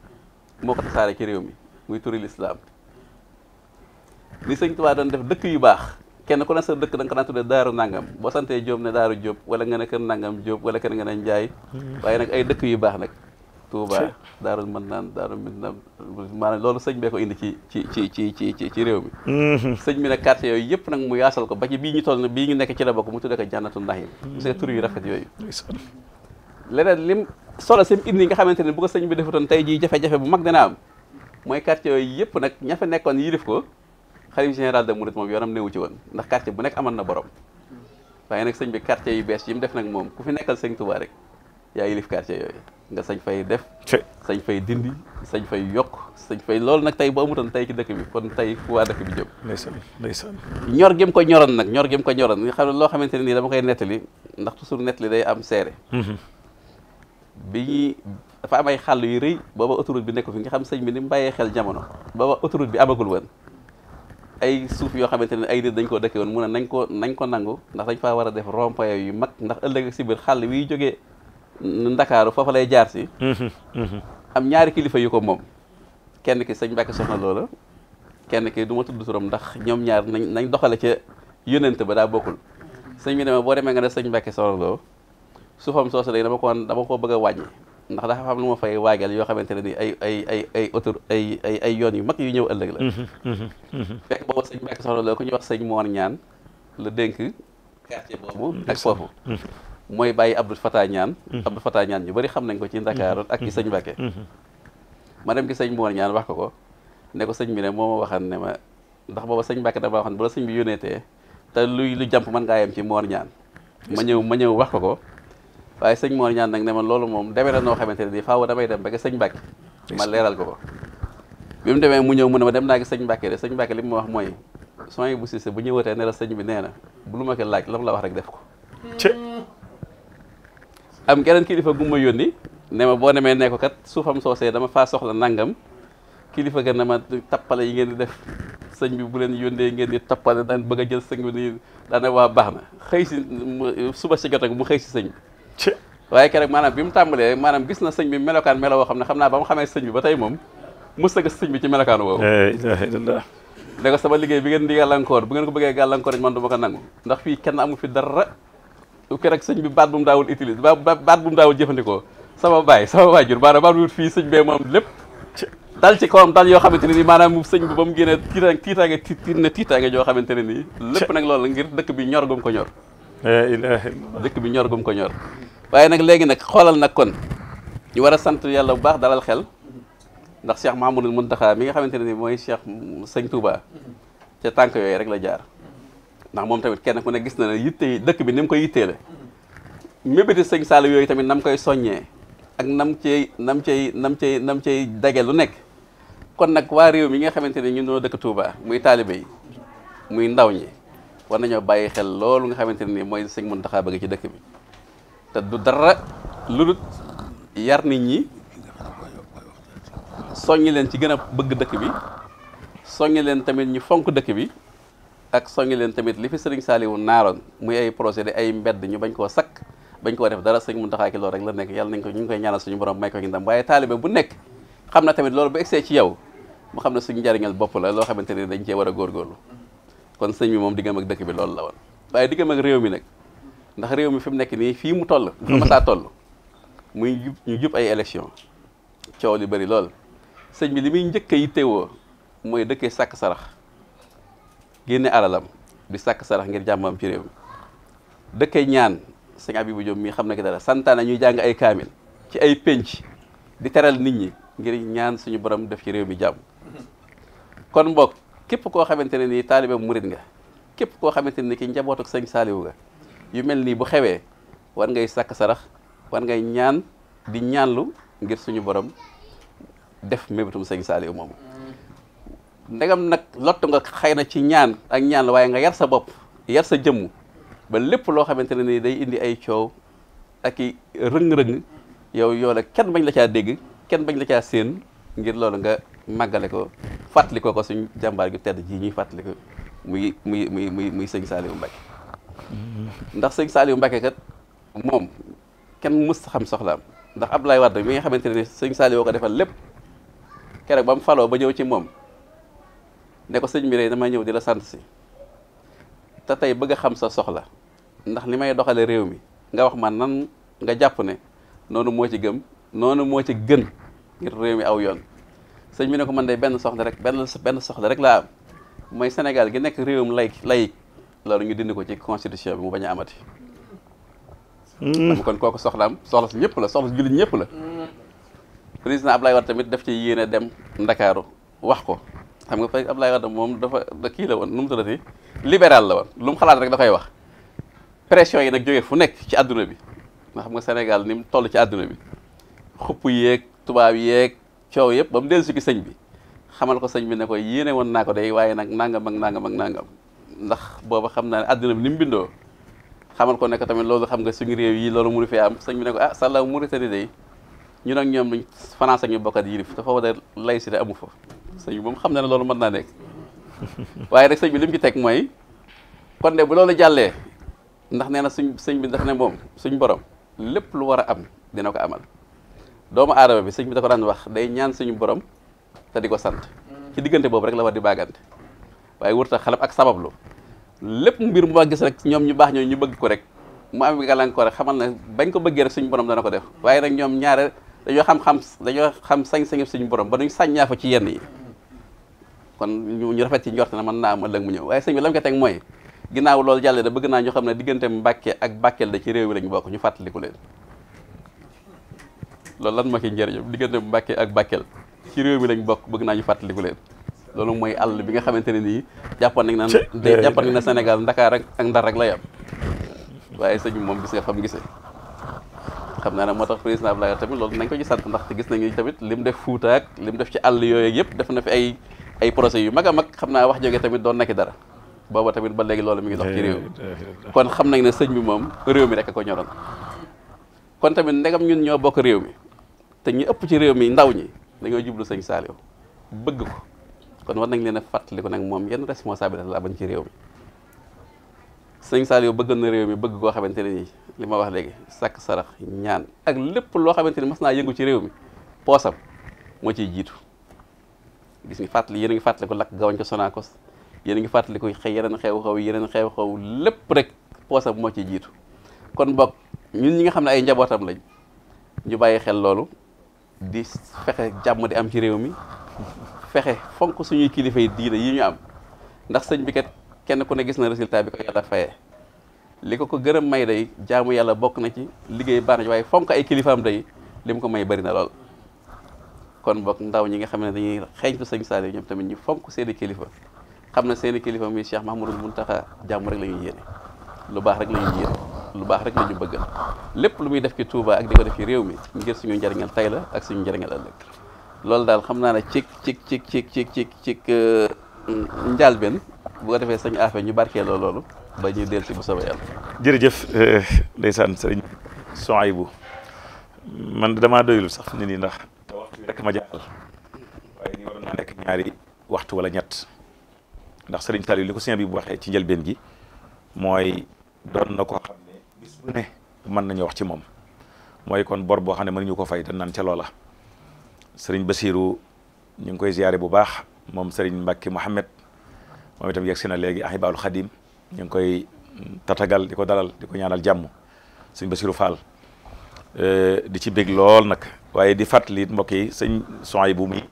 moo ko tasaare ci réew mi muy turi lislaam li sëñ Tuubaa doon def dëkk yu baax kenn ku ne sa dëkk da nga ko naan tuddee daaru nangam boo santee Jóob ne daaru Jóob wala nga ne kër nangam Jóob wala kër nga ne Njaay mm-hmm. waaye nag ay dëkk yu baax nag Touba daaru mën naan daaru mën naan maanaam loolu sëñ bee ko indi ci ci ci ci ci ci ci réew mi mm-hmm. sëñ bi nag quartier yooyu yëpp nag mu yaasal ko ba ci bii ñu toll bii ñu nekk ci la bokk mu tuddee ko jànnatu naxiim mm-hmm. gis nga tur yu rafet yooyu leneen lim solo seen indi nga xamante ne bu ko sëñ bi defutoon tey jii jafe-jafe bu mag dina am mooy quartier yooyu yëpp nag ña fa nekkoon def ko xalif général de Mouride moom yoonam newu ci woon ndax quartier bu nekk amoon na borom waaye nag sëñ bi quartier yu bees yi mu def nag moom ku fi nekkal sëñ Touba rek yaa yilif quartier yooyu nga sañ fay def sañ fay dindi sañ fay yokk sañ fay loolu nag tey bu amutoon tey ci dëkk bi kon tey fu waa dëkk bi jëm ñor gi mu ko ñoroon nag ñor gi mu ko ñoroon nga xam ne loo xamante ne nii dama koy nettali ndax toujours nettali day am seere mhm. bi dafa am ay xàll yu rëy booba autoroute bi nekk fi nga xam sëñ bi ni mu bàyyee xel jamono booba autoroute bi amagul woon ay suuf yoo xamante ne ay nit dañ koo dëkke woon mu ne nañ ko nañ ko nangu ndax dañ faa war a def rond-point yu mag ndax ëllëg si biir xàll wiy jógee ndakaaru foofu lay jaar si mm-hmm. am ñaari kilifa yu ko moom kenn ki sëñ Mbàkke soxna loola kenn ki du ma tudd turam ndax ñoom ñaar nañ nañ doxale ca yónnent ba daa bokkul sëñ bi demee boo demee nga ne sëñ Mbàkke suufam soose day dama ko dama koo bëgg a wàññi ndax dafa xam lu ma fay waajal yoo xamante ne ni ay ay ay ay autor ay ay yoon yu mag yu ñëw ëllëg la mhm, mhm, mhm. fekk boobu sëñ Mbàkke soxla la ko ñu wax sëñ Moor ñaan la dénk quartier mooy bàyyi Abdou Fatah ñaan Abdou Fatah xam nañ ko ci Ndakaaru ak ci sëñ Mbàkke ma dem ki sëñ wax ko ko ne ko sëñ bi ne moo ma waxan ne ma ndax booba sëñ Mbàkke dama waxan bu la sëñ bi yónneetee te lu jàmp man ngaa yem ci Moor ñaan ma ma ñëw wax ko ko waaye sëñ moo ñaan nag ne ma loolu moom demee na noo xamante ne nii faaw damay dem ba sëñ Mbàkke ma leeral ko ko bi mu demee mu ñëw mu ne ma dem naa gi sëñ Mbàkke de sëñ Mbàkke li mu wax mooy sooy bu Siise bu ñëwatee ne la sëñ bi nee na bu lu ma ko laaj lam la wax rek def ko am keneen kilifa gu ma yónni ne ma boo demee ne ko kat suufam soosee dama faa soxla nangam kilifa gën na ma tappale yi ngeen di def sëñ bi bu leen yónnee ngeen di tappale daan bëgg a jël sëñ bi nii waa baax na xëy si suba si jot ak mu xëy si sëñ waaye ke rek maanaam bi mu tàmbalee maanaam gis na sëñ bi melokaan melo woo xam ne xam naa ba mu xamee sëñ bi ba tey moom mës na gis sëñ bi ci melokaan woowu ilaha illallah ne sama liggéey bi ngeen di gàllankoor bu ngeen ko bëggee gàllankoor man du ma ko nangu ndax fii kenn amu fi dara ke rek sëñ bi baat bu mu daawul utilise baat bu mu daawul jëfandikoo sama baay sama waajur maanaam baat bu fii sëñ bee moom lépp dal ci kawam dal yoo xamante ne nii maanaam sëñ bi ba mu génnee tiitaange tiitaange tiit na tiitaange joo xamante ne nii lépp nag loolu ngir dëkk bi ñor ko ñor dëkk bi ñor gum ko ñor waaye nag léegi nag xoolal nag kon ñu war a sant yàlla bu baax dalal xel ndax Cheikh Mahamadul Muntaxa mi nga xamante ne ni mooy Cheikh Sëñ Touba ca tànk yooyu rek la jaar ndax moom tamit kenn ku ne gis na ne yitte dëkk bi ni mu koy yitteele mébéti sëñ Saliou yooyu tamit nam koy soññee ak nam cey nam cey nam cey nam cey dage lu nekk kon nag waa réew mi nga xamante ne ñun ñoo dëkk Touba muy taalibe yi muy ndaw ñi war nañoo bàyyi xel loolu nga xamante ne nii mooy sëñ Muntaxa bëgg ci dëkk bi te du dara lu dul yar nit ñi soññi leen ci gën a bëgg dëkk bi soññi leen tamit ñu fonk dëkk bi ak soññi leen tamit li fi sëriñ Saliou naaroon muy ay projet di ay mbedd ñu bañ koo sakk bañ koo def dara sëñ Muntaxa ki loolu rek la nekk yàlla nañ ko ñu ngi koy ñaanal suñu borom may ko ñu ndam waaye taalibe bu nekk xam na tamit loolu bu egsee ci yow mu xam ne suñu njariñal bopp la loo xamante ne dañ cee war a góorgóorlu kon sëñ bi moom diggam ak dëkk bi loolu la woon waaye diggam ak réew mi nag ndax réew mi fi mu nekk nii fii mu toll dafa mhm. masaa toll muy jub ñu jub ay élection coow li bari lool sëñ bi li muy njëkk a yittewoo mooy dëkkee sàkk sarax génne alalam di sàkk sarax ngir jàmmam ci réew mi dëkkee ñaan sëñ Abibou Diop mii xam na ki dara santaane ñuy jàng ay kaamil ci ay pénc di teral nit ñi ngir ñaan suñu borom def ci réew mi jàmm kon mbokk képp koo xamante ne nii mu murit nga képp koo xamante ne ki njaboot sañ sëñ Saaliwu nga yu mel nii bu xewee war ngay sàkk sarax war ngay ñaan di ñaanlu ngir suñu borom def mébétum sëñ Saaliwu moom ndegam nag lottu nga xëy na ci ñaan ak ñaan la waaye nga yar sa bopp yar sa jëmm ba lépp loo xamante ne nii day indi ay coow ak i rëng-rëng yow yoo la kenn bañ la caa dégg kenn bañ la caa séen ngir loolu nga màggale ko fàttali ko ko suñ jàmbaar gi tedd ji ñuy fàttali muy muy muy muy muy sëñ Saliou Mbacke ndax sëñ Saliou Mbacke kat moom kenn mës sa xam soxlaam ndax Abdoulaye Wade mi nga xamante ne sëñ Saliou ko defal lépp keroog ba mu faloo ba ñëw ci moom ne ko sëñ bi rek dama ñëw di la sant si te tey bëgg xam sa soxla ndax li may doxale réew mi nga wax ma nan nga jàpp ne noonu moo ci gëm noonu moo ci gën ngir réew mi aw yoon sëñ bi ne ko man de benn soxla rek benn benn soxla rek laa am mooy Sénégal gi nekk réewum lay lay loolu ñu dindi ko ci constitution bi mu bañ a amati. Hmm. kon kooku soxlaam soxla si ñëpp la soxla si jullit ñëpp la. président Ablaye tamit daf ci yéene dem Ndakaaru wax ko xam nga fay Ablaye Wade moom dafa kii la woon nu mu tuddati libéral la woon lu xalaat rek da koy wax. pression yi nag jógee fu nekk ci àdduna bi nga xam nga Sénégal ni mu toll ci àdduna bi xupp yéeg tubaab yeeg coow yëpp ba mu dellu si ki sëñ bi xamal ko sëñ bi ne ko yéene woon naa ko day waaye nag nangam ak nangam ak nangam ndax booba xam naa ne àddina bi ni mu bindoo xamal ko ne tamit loolu xam nga suñu yi loolu mënu fee am sëñ bi ne ko ah sàllaaw Mauritanie day ñun ak ñoom France ak ñu bokkat yilif dafa war a laïcité amu fa sëñ bi moom xam na ne loolu mën naa nekk waaye rek sëñ bi li mu teg mooy kon de bu loolu jàllee ndax nee na suñ sëñ bi ndax ne moom suñ borom lépp lu war a am dina ko amal doomu aadama bi sëñ bi da ko daan wax day ñaan suñu borom te di ko sant ci diggante boobu rek la war di baagante waaye wër ta xalab ak sabablu lépp mbir mu gis rek ñoom ñu baax ñoo ñu bëgg ko rek mu am gàllankoor rek xamal bañ ko bëggee rek borom dana ko def waaye nag ñoom ñaare dañoo xam-xam xam sañ-sañ suñu borom ba duñ sàññaa fa ci yenn yi kon ñu rafet ci njort na mën naa am ëllëg mu ñëw waaye sëñ bi la mu ko teg mooy ginnaaw loolu jàlle da bëgg naa ñoo xam ne diggante Mbàkke ak Bakel da ci réew mi lañu bokk ñu fàttaliku leen loolu lan moo ki ciy njëriñam diggante Mbàkke ak Bakel ci réew mi lañ bokk bëgg naa ñu fàttaliku leen loolu mooy àll bi nga xamante ne nii jàppoon nañ naan jàppoon na Sénégal Ndakaar ak ak Ndar rek la yam waaye sëñ moom gis nga xam gisee xam naa ne moo tax président Abdoulaye tamit loolu nañ ko ci sant ndaxte gis nañu tamit lim def Fuuta ak lim def ci àll yooyu yëpp def na fi ay ay projets yu mag a mag xam naa wax jóge tamit doon na dara booba tamit ba léegi loolu mi ngi dox ci kon xam nañ ne sëñ bi moom réew mi rek a ko kon tamit ndegam ñun ñoo bokk réew mi te ñu ëpp ci réew mi ndaw ñi dañoo jublu sëñ Saliou bëgg ko kon war nañ leen a nag moom yenn responsabilité la bañ ci réew mi sëñ Saliou bëggoon na réew mi bëgg koo xamante ne li ma wax léegi sàkk sarax ñaan ak lépp loo xamante ni mas naa yëngu ci réew mi poosam moo ciy jiitu gis ngi fàttali yéen a ngi fàttali ko lakk gawañ ko Sonacos yéen ngi fàttali ko xëy yeneen xew xew yeneen xew xew lépp rek poosam moo ciy jiitu kon bokk ñu ñi nga xam ne ay njabootam lañ ñu bàyyi xel loolu di fexe jàmm di am ci réew mi fexe fonk suñuy kilifa yi diine yi ñu am ndax sëñ bi kat kenn ku ne gis na résultat bi ko yàlla fayee li ko ko gërëm may day jaamu yàlla bokk na ci liggéey baax na ci waaye fonk ay kilifaam day li mu ko may bari na lool. kon bokk ndaw ñi nga xam ne dañuy xeeñtu sëñ Saliou ñoom tamit ñu fonk seeni kilifa xam na seeni kilifa muy Cheikh Mahmoudou Mountakha jàmm rek la ñuy lu baax rek la jiir lu baax rek la ñu bëggal lépp lu muy def ci Touba ak di ko def ci réew mi ngir suñu njëriñal tey la ak suñu njëriñal ëllëg loolu daal xam naa ne cig cig cig cig cig cig cig euh, njaalbeen bu ko defee sañ affaire ñu barkeeloo loolu ba ñuy si bu soobee yàlla jërëjëf euh, ndeysaan sëriñ Souhaïbou man damaa doyul sax nit ndax waxtu rek ma jàll waaye ni ñaari waxtu wala ñett ndax sëriñ Saliou li ko sëñ bi waxee ci njëlbeen gi mooy doon na koo xam ne bis bu ne mën nañu wax ci moom mooy kon bor boo xam ne mënuñu ko fay te nan ca loola sëriñ Basiru ñu ngi koy ziyaare bu baax moom sëriñ Mbàkki Mouhamed moom itam si na léegi Ahibahul Khadim ñu ngi koy mm, tatagal di ko dalal di ko ñaanal jàmm sëriñ Basiru Fall di ci bég lool nag waaye di fàttali it mbokk yi sëñ soy bu muy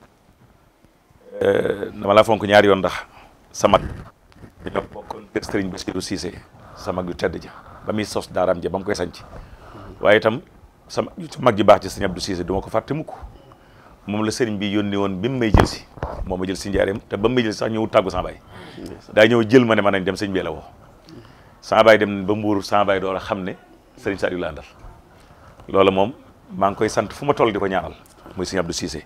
dama laa fonk ñaari yoon ndax samat ñoo bokkoon kër sëriñ Basiru Cissé sama mag yu tedd ja ba muy sos daaraam ja ba mu koy sanc waaye itam sama mag ji baax ci sëñ Abdou Cissé du ma ko fàtte mukk moom la sëriñ bi yónni woon bi mu may jël si moom ma jël si njaareem te ba mu may jël sax ñëw tàggu sama baay daa ñëw jël ma ne ma nañ dem sëñ bi la woo sama baay dem ba mbuur sama baay door a xam ne sëriñ Saliou la àndal loolu moom maa ngi koy sant fu ma toll di ko ñaaral muy sëñ Abdou Cissé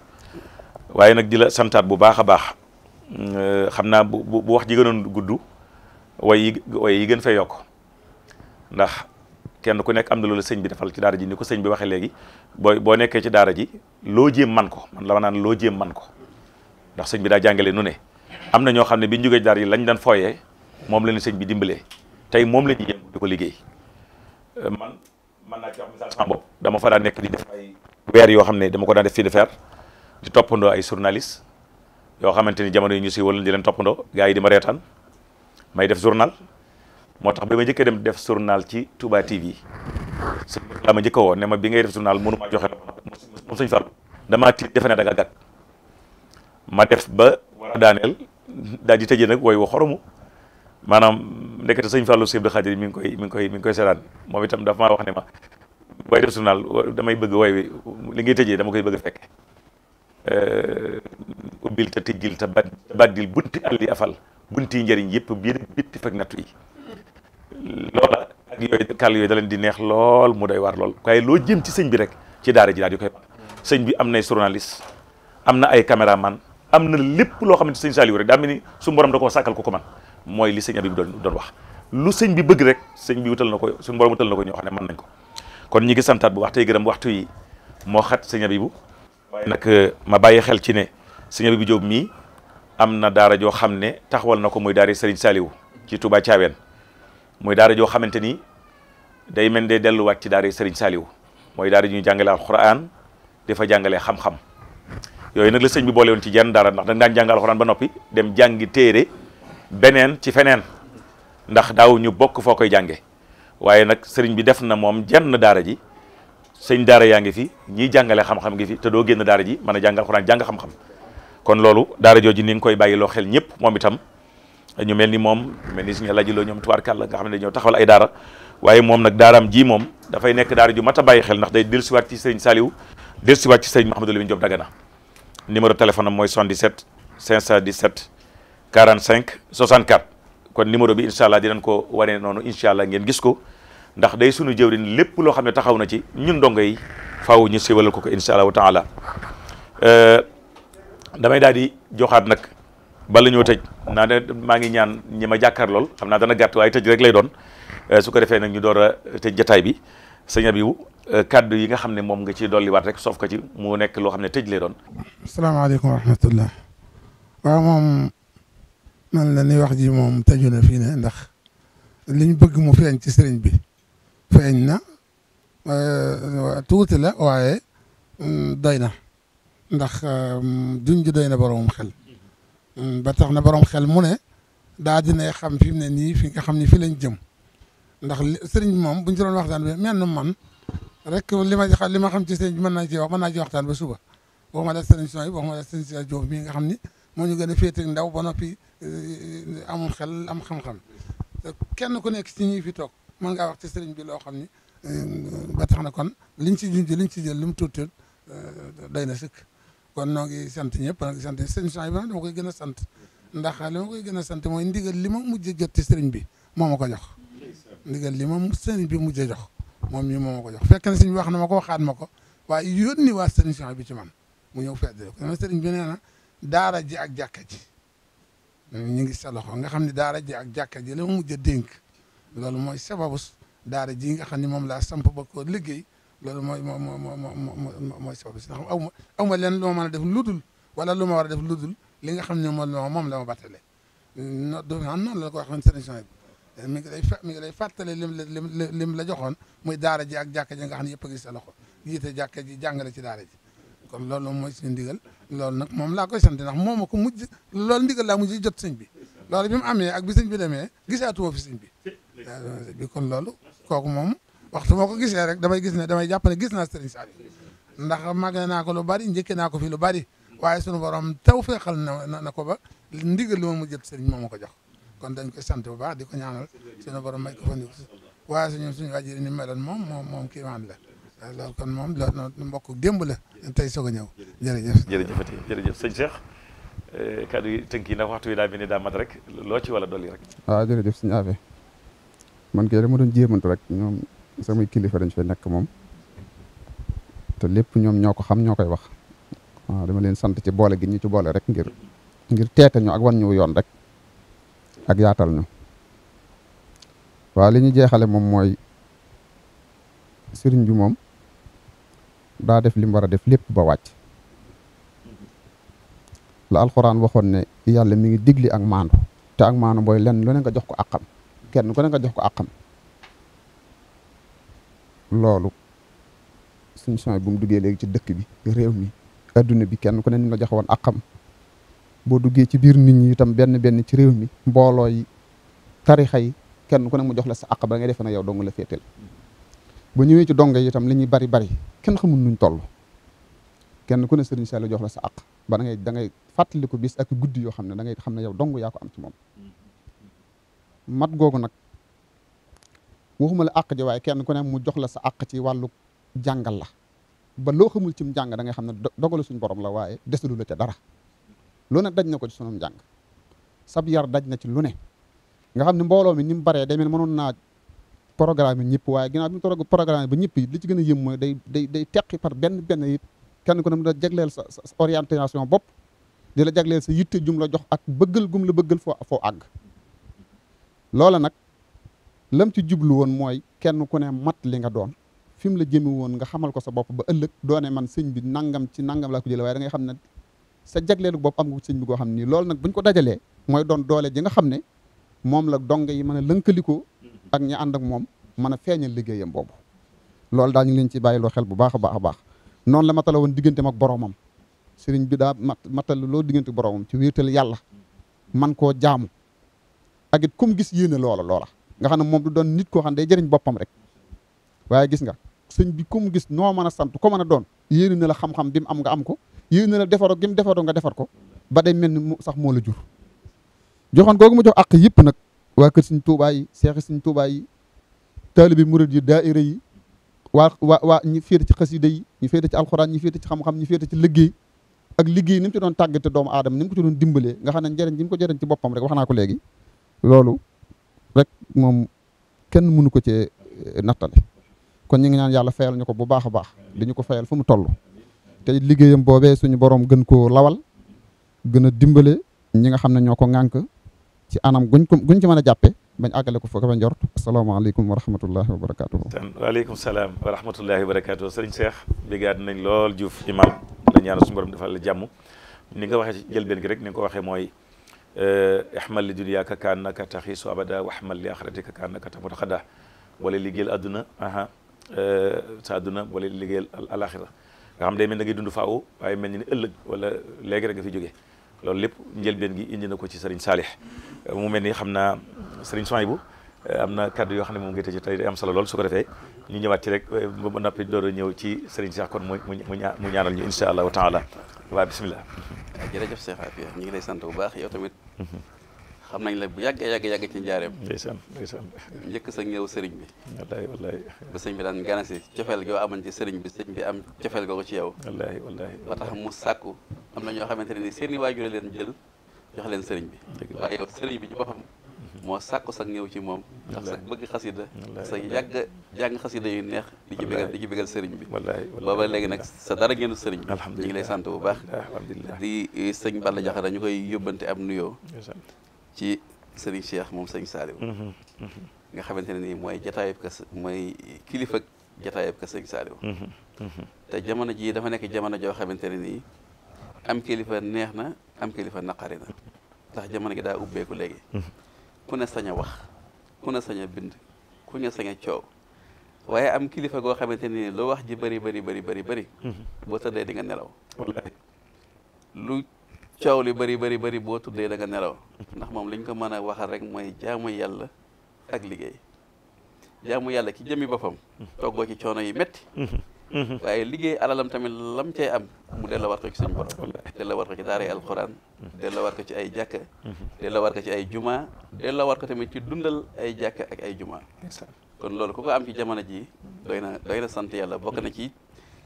waaye nag di la santaat bu baax a baax mm, euh, xam naa bu bu wax ji gënoon gudd way yi way yi gën fee yokk ndax kenn ku nekk am na loolu sëñ bi defal ci daara ji ni ko sëñ bi waxee léegi boo boo nekkee ci daara ji loo jéem man ko man la ma naan loo jéem man ko ndax sëñ bi daa jàngale nu ne am na ñoo xam ne bi ñu jógee ci daara ji lañ daan fooyee moom la ñu sëñ bi dimbalee tey moom la ñuy yem di ko liggéey man man naa jox misaal sama dama fa daan nekk di def ay weer yoo xam ne dama ko daan def fii di fer di toppandoo ay journaliste yoo xamante ni jamono yi ñu si wala di leen toppandoo gars yi di ma reetaan may def journal moo tax bi ma njëkkee dem def journal ci Touba TV sëñ laa ma njëkk a woo ne ma bi ngay def journal mënu ma joxe la moom sëñ Fall damaa tiit defe ne da ma def ba war a daaneel daal di tëjee nag wooy wa xoromu maanaam ndekete sëñ Fallou Sèye de Khadir mi ngi koy mi ngi koy mi ngi koy seetaan moom itam dafa maa wax ne ma booy def journal damay bëgg wooy wi li ngay tëjee dama koy bëgg a fekke euh, ubbil te tijjil te baddil bunti àll yi afal bunt yi njëriñ yëpp biir bitti fekk nattu yi loola ak yooyu kàll da leen di neex lool mu doy waar lool waaye loo jëm ci sëñ bi rek ci daara ji daal koy sëñ bi am nay journaliste am na ay man am na lépp loo xam xamante sëñ Saliou rek daa mel ni su borom da koo sàkkal ko ko man mooy li sëñ Abib doon doon wax lu sëñ bi bëgg rek sëñ bi wutal na ko suñu borom wutal na ko ñoo xam ne mën nañ ko kon ñi gi santaat bu wax tey gërëm waxtu yi moo xat sëñ Abibu waaye nag ma bàyyi xel ci ne sëñ Abibu Jóob mii am na daara joo xam ne taxawal na ko muy daari Serigne Saliou ci Touba Thiawén muy daara joo xamante ni day mel day delluwaat ci daari Serigne Saliou mooy daara ñuy jàngale alxuraan dafa jàngalee xam yooyu nag la sëñ bi boole ci jenn daara ndax da daan jàng alxuraan ba noppi dem jàngi téere beneen ci feneen ndax daaw ñu bokk foo koy jànge waaye nag sëriñ bi def na moom jenn daara ji sëñ daara yaa ngi fi ñiy jàngale xam-xam ngi fi te doo génn daara ji mën a jàng alxuraan jàng xam-xam kon loolu daara jooju ni nga koy bàyyiloo xel ñëpp moom itam ñu mel ni moom mel ni suñu Alaaji Lo ñoom tubaarkàlla nga xam ne dañoo taxawal ay daara waaye moom nag daaraam ji moom dafay nekk daara ju mat a bàyyi xel ndax day dellusiwaat ci sëriñ Saliou dellusiwaat ci sëriñ Mouhamadou Lamine Diop Dagana numéro téléphone am mooy 77 517 45 64 kon numéro bi incha allah dinañ ko wane noonu incha allah ngeen gis ko ndax day sunu jëwriñ lépp loo xam ne taxaw na ci ñun ndongo yi faaw ñu siiwalal ko ko incha allahu taala euh, damay daal di joxaat nag bala ñoo tëj naa ne maa ngi ñaan ñi ma jàkkaar lool xam naa dana gàtt waaye tëj rek lay doon eh, su ko defee nag ñu door a tëj jataay bi sëñ Abibu eh, kàddu yi nga xam ne moom nga ci dolliwaat rek soof ko ci mu nekk loo xam ne tëj lay doon. asalaamaaleykum wa rahmatullah waaw moom man la ni wax ji moom tëju na fii ne ndax liñ bëgg mu feeñ ci sëriñ bi feeñ na eh, tuuti la waaye mm, doy na. ndax duñ euh, ju doy na boroom xel mm, ba tax na boroom xel mu ne daa dina xam fi mu ne nii fi nga xam ni fi lañ jëm ndax sëriñ bi moom buñ si doon waxtaan bi mel na man rek li ma li ma xam ci sëriñ bi mën naa ci wax mën naa ci waxtaan ba suba boo ma la sëriñ Sooy boo ma la sëriñ Sooy Jóob mii nga xam ni moo ñu gën a féete ndaw ba noppi euh, am xel am xam-xam kenn ku nekk ci ñi fi toog mën ngaa wax ci sëriñ bi loo xam ni euh, ba tax na kon liñ ci junj liñ ci jël lu mu tuuti doy na sëkk kon noo ngi sant ñëpp noo ngi sant sëñ Chouaïb dama koy gën a sant ndax li ma koy gën a sant mooy ndigal li ma mujj jot ci sëriñ bi moo ma ko jox ndigal li ma sëriñ bi mujj jox moom mii moo ma ko jox fekk na sëriñ wax na ma ko waxaat ma ko waaye yónni waa sëriñ Chouaïb bi ci man mu ñëw fedd ko dama sëriñ bi daara ji ak jàkka ñu ngi sa loxo nga xam ne daara ji ak jàkka ji la ma dénk loolu mooy sababu daara ji nga xam ne moom laa samp ba ko liggéey loolu mooy moo moo moo moo mooy sabab si xam aw ma aw ma leen lu ma a def ludul wala lu ma war a def ludul li nga xam ne moom la moom la ma bàttale no do am noonu la ko wax man sélection yi mi ngi lay mi ngi lay fàttale lim la lim lim joxoon muy daara ji ak nga xam ne yëpp a gis loxo jiite jàkka ji jàngale ci daara ji mooy suñu ndigal loolu nag moom laa koy sant ndax moom ma ko mujj loolu ndigal laa mujj jot sëñ bi loolu bi mu amee ak bi sëñ bi demee gisaatuma fi sëñ bi eh, bi kon loolu kooku moom waxtu moo ko gisee rek damay gis ne damay jàpp gis naa Serigne Saliou ndax màgg naa ko lu bari njëkkee naa ko fi lu bari waaye sunu borom taw feexal na na ko ba ndigal li ma mu jël Serigne moom ma ko jox kon dañ koy sant bu baax di ko ñaanal sunu borom may ko fa ndigal waaye suñu suñu wàjjiri ni meloon moom moom moom kii maan la loolu kon moom loolu mbokk démb la tey soog a ñëw jërëjëf. jërëjëfati jërëjëf sëñ Cheikh eh, kaddu yi tënk yi waxtu wi daa mel ni daa mat rek loo ci wala dolli rek. waaw ah, jërëjëf sëñ Afe man kay dama rek ñoom samay kilifa dañ fay nekk moom te lépp ñoom ñoo ko xam ñoo koy wax waaw dama leen sant ci boole gi ñu ci boole rek ngir ngir teete ñu ak wan ñu yoon rek ak yaatal ñu waaw li ñu jeexale moom mooy sëriñ bi moom daa def li mu war a def lépp ba wàcc la alxuraan waxoon ne yàlla mi ngi digli ak maandu te ak maandu booy lenn lu ne nga jox ko àqam kenn ku ne nga jox ko àqam loolu suñu champs bu mu duggee léegi ci dëkk bi réew mi adduna bi kenn ku ne ni la jox woon boo duggee ci biir nit ñi itam benn benn ci réew mi mboolooy yi tarixa kenn ku ne mu jox la sa aq ba ngay na yow dong la féetal ba ñëwee ci donga yi itam li ñuy bari bari kenn xamul nuñ toll kenn ku ne sëriñ Saliou jox la sa aq ba da ngay da ngay fàttaliku bis ak guddi yoo xam ne da ngay xam ne yow dong yaa ko am ci moom mm-hmm. mat googu nag waxuma la àq ji waaye kenn ku ne mu jox la sa àq ci wàllu jàngal la ba loo xamul cim jàng da nga xam ne dogalu suñ borom la waaye desalu la ca dara lu ne daj na ko ci sunum jàng sab yar daj na ci lu ne nga xam ne mbooloo mi ni mu baree demee mënoon naa programme yi ñëpp waaye ginaa bi mu programme ba ñëpp li ci gën a yëm mooy day day day teqi par benn benn kenn ku ne mu da jagleel sa orientation bopp di la jagleel sa yitte jum la jox ak bëggal gum la bëggal foo foo àgg loola lam ci jublu woon mooy kenn ku ne mat li nga doon fi mu la jëme woon nga xamal ko sa bopp ba ëllëg doone man sëñ bi nangam ci nangam laa ko jëlee waaye da ngay xam ne sa jagleelu bopp am nga sëñ bi koo xam nii loolu nag buñ ko dajalee mooy doon doole ji nga xam ne moom la donga yi mën a lënkalikoo mm-hmm. ak ñi ànd ak moom mën a feeñal liggéeyam boobu loolu daa ñu ngi leen ci bàyyiloo xel bu baax a baax a baax noon la matala woon digganteem ak boromam sëriñ bi daa mat matal loo diggante boromam ci wéetal yàlla man koo jaamu ak kum gis yéene loola loola nga xam ne moom du doon nit koo xam ne day jëriñ boppam rek waaye gis nga sëñ bi ku mu gis noo mën a sant ko mën a doon yéene na la xam-xam bi mu am nga am ko yéene na la defaroo gi mu defaroo nga defar ko ba day mel ni sax moo la jur joxoon googu mu jox àq yëpp nag waa kër sëñ Tuubaa yi seexi sëñ Tuubaa yi taalibi murid yi daayira yi waa waa waa ñi féete ci xasida yi ñi féete ci alxuraan ñi féete ci xam-xam ñi féete ci liggéey ak liggéey ni mu ci doon tàggate doomu aadama ni mu ko ci doon dimbalee nga xam ne njëriñ gi mu ko jëriñ ci boppam rek wax naa ko léegi loolu rek moom kenn mënu ko cee eh, nattale kon ñu ngi ñaan yàlla fayal ñu ko bu baax a baax dañu ko fayal fu mu toll te liggéeyam boobee suñu borom gën koo lawal gën a dimbale ñi nga xam ne ñoo ko ŋànk ci anam guñ ko guñ ci mën a jàppee bañ àggale ko foofu ba njort asalaamaaleykum wa rahmatullahi wa barakaatu. waaleykum salaam wa rahmatullahi wa barakaatu sëriñ Cheikh béggaat nañ lool Diouf Imaam la ñaan suñu borom defal la jàmm ni nga waxee ci jëlbeen gi rek ni nga ko waxee mooy. Eh, ihmal li dunyaaka ka annaka taxiisu abada wa ihmal li axiratika ka annaka tamutu xada wala liggéeyal adduna aha eh, sa adduna wala liggéeyal alaxira nga xam day mel na ngay dund faaw waaye mel ni ne ëllëg wala léegi rek nga fi jógee loolu lépp njëlbeen gi indi na ko ci Serigne Saalih eh, mu mel ni xam naa Serigne Souhaïbou am na kaddu yoo xam ne moom ngay tëj tey am solo lool su ko defee ñu ñëwaat ci rek ba noppi door a ñëw ci Serigne Cheikh kon mu mu ñaanal ñu incha allahu taala waa bisimilah. waaw jërëjëf ñu ngi lay sant bu baax yow mhm. xam nañ la bu yàgg yàgg yàgg ci njaareem. ndeysaan ndeysaan. njëkk sa ñëw sëriñ bi. wallaay wallaay. ba bi daan gane si cofeel goo amoon ci sëriñ bi sëriñ bi am cofeel googu ci yow. wallaay wallaay. ba mu sàkku am na ñoo xamante ne ni seen i waajur leen jël jox leen sëriñ bi. waaye yow sëriñ bi ci boppam moo sàkku sax ñëw ci moom ndax sax bëgg xasida sa yàgg jàng xasida yu neex di ci bégal di ci bégal sëriñ bi booba léegi nag sa dara ngeenu sëriñ bi ñu ngi lay sant bu baax di eh, sëñ Balla Diakhara ñu koy yóbbante am nuyoo ci sëriñ Cheikh moom sëñ Saliou mm-hmm, mm-hmm. nga xamante ne nii mooy jataayub ka mooy kilifa jataayub ka sëñ Saliou mm-hmm, te jamono ji dafa nekk jamono joo xamante ne nii am kilifa neex na am kilifa naqari na ndax jamono gi daa ubbeeku léegi ku ne sañ a wax ku ne sañ a bind ku ne sañ a coow waaye am kilifa goo xamante ni lu wax ji bëri bëri bëri bëri bëri mhm. boo tëddee di nelaw lu coow li bëri bëri bëri boo tuddee da nelaw ndax moom liñ ko mën a waxal rek mooy jaamu yàlla ak liggéey jaamu yàlla ki jëmi boppam mhm. toggoo ci coono yi metti mhm. Mm-hmm. waaye liggéey alalam tamit lam cay am mu delluwaat ko ci suñu borom delluwaat ko ci daaray alxuraan mm-hmm. delluwaat ko ci ay jàkk mm-hmm. delluwaat ko ci ay juma delluwaat ko tamit ci dundal ay jàkka ay juma kon loolu ku ko am ci jamono ji doy na doy sant yàlla bokk na ci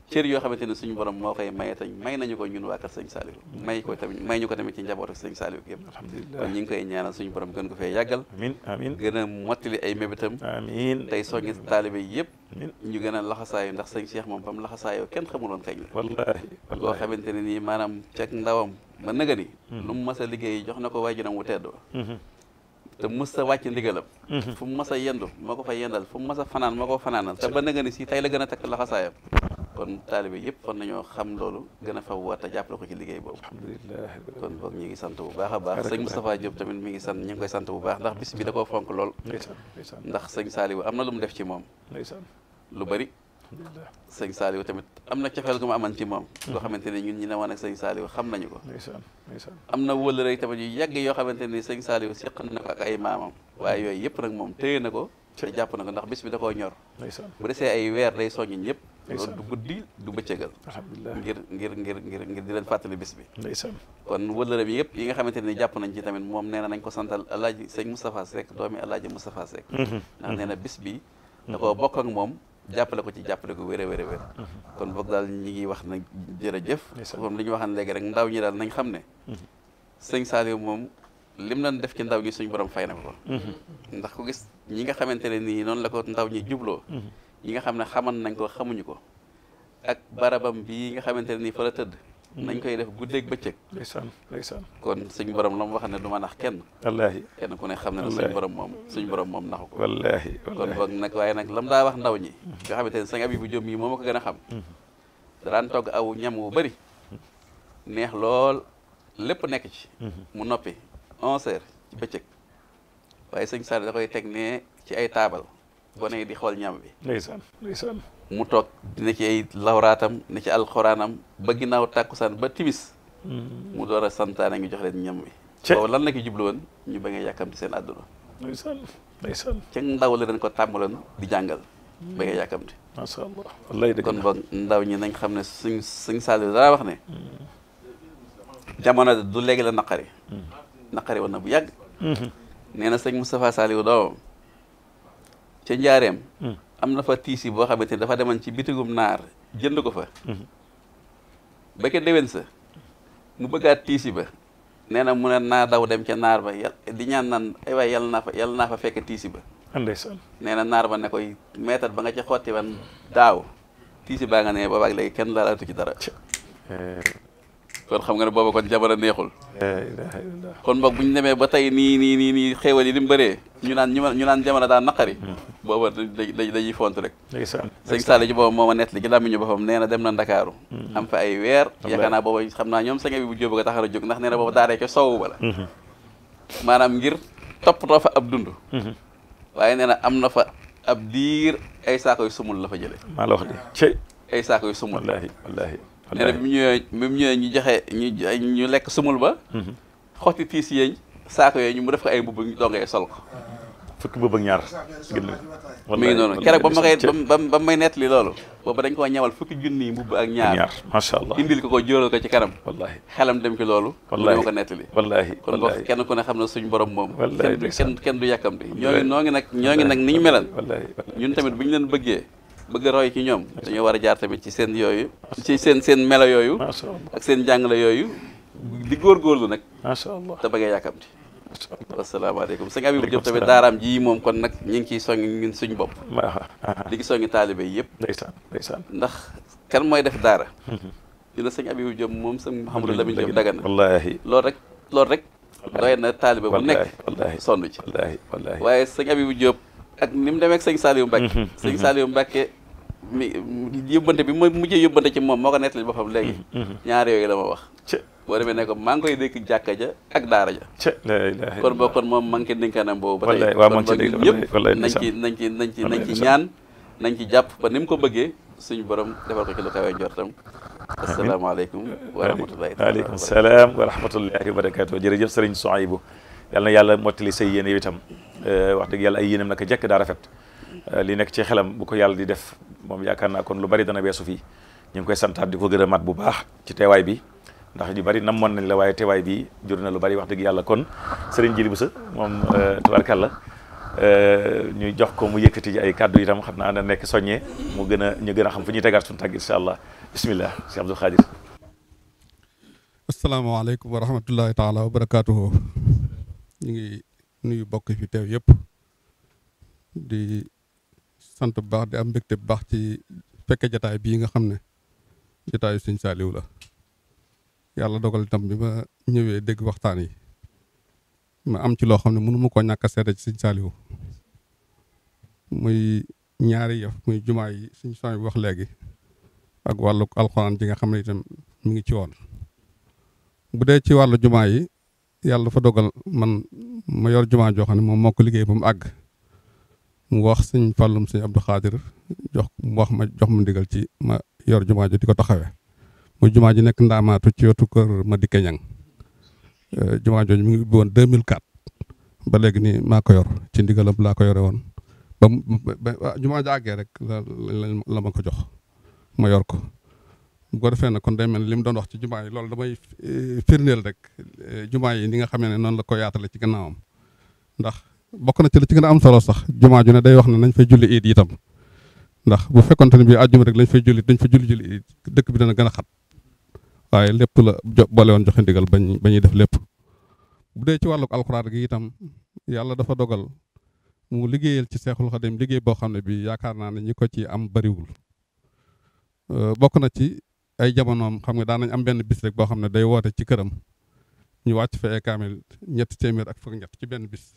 cër yoo xamante ne suñu borom moo koy maye tañ may nañu ko ñun waa kër sëñ Saliou may ko tamit ci njaboot ak sëñ Saliou yëpp ñu ngi koy ñaanal suñu borom gën ko fee yàggal amin amin a mottali ay mébétam amin tey soññi ñu gën a laxasaayu ndax sëñ seex moom ba mu laxasaayoo kenn xamuloon kañ la wallaahi loo xamante ne nii maanaam ceg ndawam ba nëga ni mhm. lu mu mas a liggéey jox na ko waajuram wu tedd mhm. te mës a wàcc ndigalam mhm. fu mu mas a yendu moo ko fa yendal fu mu mas fanaan moo ko fanaanal te ba nëga ni si la gën a takk laxasaayam kon taalibe yëpp fan nañoo xam loolu gën a faw te jàppale ko ci liggéey boobu alhamdulilah kon boog ñu ngi sant bu baax a baax sëñ Moustapha Diop tamit mi ngi sant ñu ngi koy sant bu baax ndax bis bi da koo fonk lool ndax sëñ Saliou am na lu mu def ci moom lu bari sëñ Saliou tamit am na cofeel gu ma aman ci moom mhm. loo xamante ni ñun ñi ne woon ak sëñ Saliou xam nañu ko am na wëllëre tamit yu yàgg yoo xamante ni sëñ Saliou seq na ko ak ay maamam waaye yooyu yëpp rek moom te na ko te jàpp na ko bi da koo ñor bu desee ay weer day soññi ñëpp loolu bi yi nga xamante ni jàpp nañ ci tamit moom nee na nañ ko santal alaaji sëñ Moustapha Seck doomi alaaji Moustapha Seck mhm. mhm. da koo bokk ak moom jàppale ko ci jàppale ko wér a wér a wér mhm. kon boog daal ñi wax na jërëjëf comme li ñu waxaan léegi rek ndaw ñi daal nañ xam ne sëñ Saliou lim lan def ci ndaw gi suñu borom fay na ko. Mhm. ndax ku gis ñi nga xamante ne nii noonu la ko ndaw ñi jubloo. Mhm. ñi nga xam ne xaman nañ ko xamuñu ko. ak barabam bii nga xamante ne nii fa tëdd. Mhm. nañ koy def guddeeg bëccëg. ndeysaan ndeysaan kon suñu borom la mu ne du ma nax kenn. wallaahi ku ne xam ne ne moom suñu borom moom naxu ko. wallaahi kon boog nag waaye nag lam daa wax ndaw ñi. nga xamante ne sëñ bu Jóob yi moo ma gën a xam. daan aw ñam wu bëri. neex lool lépp nekk ci. mu noppi. onze heures ci bëccëg waaye sëñ Saar da koy teg ne ci ay taabal gone yi di xool ñam bi. ndeysaan mu toog dina ci ay lawraatam ne ci alxuraanam ba ginnaaw tàkkusaan ba timis. Hmm. mu door a santaane ngi jox leen ñam bi. boobu lan la ko jublu woon ñu ba ngay yàkkamti seen àdduna. ndeysaan ndaw la dañ ko tàmbaloon di jàngal. ba ngay hmm. yàkkamti. kon boog ndaw ñi nañ xam ne suñ suñ Saaliw dara wax ne. Hmm. jamono du léegi la naqari. naqare woon na bu yàgg mhm. nee na sëñ Moustapha Saliou doomam ca njaareem mhm. am na fa tiisi boo xamante ne dafa demoon ci bitigum naar jënd ko fa mhm. ba ke déwén sa mu bëggaat tiisi ba nee na mu ne dem ca naar ba di ñaan naan ay waay yàlla naa fa fekk tiisi ba ndeysaan nee naar ba ne koy meetar ba nga ca xotti wan daaw tiisi baa nga ne boobaag léegi kenn laalatu ci dara kon xam nga ne booba kon jabara neexul kon mbokk bu ñu demee ba tey nii nii nii nii xéewal yi li mu bëree ñu naan ñu naan jamono daa naqari hmm. booba da dañuy font rek sëñ Sall ci booba mooma nett li ci làmmiñu boppam nee na dem na Ndakaaru hmm. am fa ay weer yaakaar naa booba xam naa ñoom sëñ bi bu jóob ko taxara jóg ndax nee na booba daaree ko soowu ba la hmm. maanaam ngir toppatoo fa ab dund waaye nee na am na fa ab diir ay saako yu sumul la fa jële maa la wax de ay saako yu sumul wallaahi nee na bi mu ñëwee bi mu ñu joxe ñu ñu lekk sumul ba mhm. xotti tiis yeeñ saako yooyu ñu mu def ko ay mbubb ñu dongee sol ko fukki mbubb ak ñaar mi ngi noonu keroog ba ma koy ba ba may nettali loolu booba dañ koo ñawal fukki junni mbubb ak ñaar macha allah indil ko ko jóoral ko ci kanam wallaahi xelam dem ci loolu wallaahi ma ko nettali wallaahi kon bokk kenn ku ne xam na suñ borom moom kenn kenn du yàkkamti ñoo ngi noo ngi nag ñoo ngi nag ni ñu melal ñun tamit bu ñu leen bëggee bëgg roy ci ñoom dañoo war a jaar tamit ci seen yooyu ci seen seen melo yooyu ak seen njàngale yooyu di góor góorgóorlu nag macha allah te bëggee yàkkamti asalaamaaleykum sëñ Abibou Diop tamit daaraam ji moom kon nag ñu ngi ciy songi ñun suñu bopp di ngi songi taalibe yi yëpp ndeysaan ndeysaan ndax kan mooy def daara mhm. ñu ne sëñ Abibou Diop moom sëñ Mouhamadou Lamine Diop Dagana wallaahi loolu rek loolu rek doy na taalibe bu nekk sonn ci wallaahi wallaahi waaye ak ni mu demee ak sëñ Saliou Mbacke. Mm-hmm. sëñ mm-hmm. Saliou Mbacke mi yóbbante bi ma mujjee yóbbante ci moom moo ko nettali boppam léegi. Mm-hmm. ñaar yooyu la ma wax. boo demee ne ko maa ngi koy dégg jàkka ja daara ja. kon boo kon moom maa ngi koy dénkaanam ba tey kon boog ñëpp nañ ci nañ ci nañ ñaan. nañ ci jàpp ba ni mu ko bëggee suñu borom defal ko ci lu kawe njortam. asalaamaaleykum wa rahmatullahi. waaleykum salaam wa rahmatullahi wa barakaatu jërëjëf Serigne bo yàlla na yàlla mottali say yéene yow itam eh, wax dëgg yàlla ay nag naka jekk daa rafet eh, li nekk ci xelam bu ko yàlla di def moom yaakaar naa kon lu bari dana weesu fii ñu ngi koy santaat di ko gërëmaat bu baax ci teewaay bi ndax ñu bari namoon nañ la waaye teewaay bi jur na lu bari wax dëgg yàlla kon sëriñ Jili Busa moom eh, tubarkàlla ñu jox ko mu yëkkati ji ay kàddu itam xam naa na nekk soññee mu gën a ñu gën a xam fu ñuy tegaat suñu tàgg incha allah bismillah si Abdul Xaadir asalaamaaleykum wa rahmatullahi taala ñu ngi nuyu bokk fi teew yëpp di sant bu baax di am mbégte bu baax ci fekke jataay bii nga xam ne jataayu sëñ Saaliw la yàlla dogal itam bi ma ñëwee dégg waxtaan yi ma am ci loo xam ne mënu ma koo ñàkk a ci siñ Saaliw muy ñaari yëf muy jumaa yi sëñ Saaliw wax léegi ak wàllu alxuraan ji nga xam ne itam mu ngi ci woon bu dee ci wàllu jumaa yi yàlla dafa dogal man ma yor jumaa joo xam ne moom moo ko liggéey ba mu àgg mu wax sëñ fàllum sëñ Abdou Khadir jox mu wax ma jox ma ndigal ci ma yor jumaa ji di ko taxawee mu jumaa ji nekk ndaamaatu ci wetu kër ma di keñang euh, jumaa jooju mu ngi ubbi woon 2004 ba léegi nii maa ko yor ci ndigalam laa ko yore woon ba jumaa ji rek la la ma ko jox ma yor ko bu ko defee na kon day mel ne mu doon wax ci jumaa yi loolu damay eh, firndeel rek eh, jumaa yi ni nga xamee ne noon la ko yaatale ci gannaawam ndax bokk na ci la ci gën a am solo sax jumaa ju ne day wax ne nañ fay julli iid itam ndax bu fekkonte ne bi àjjuma rek lañ fay julli dañ fa julli julli iid dëkk bi dana gën a xat waaye lépp la boole woon joxe ndigal bañ ñuy ba def lépp bu dee ci wàllug alxuraan gi itam yàlla dafa dogal mu liggéeyal ci seexul xadim liggéey boo xam ne bi yaakaar naa ne ñi ko ci am bariwul eh, na ci ay jamonoom xam nga daan nañ am benn bis rek boo xam ne day woote ci këram ñu wàcc fa ay kaamil ñetti téeméer ak fukk ñett ci benn bis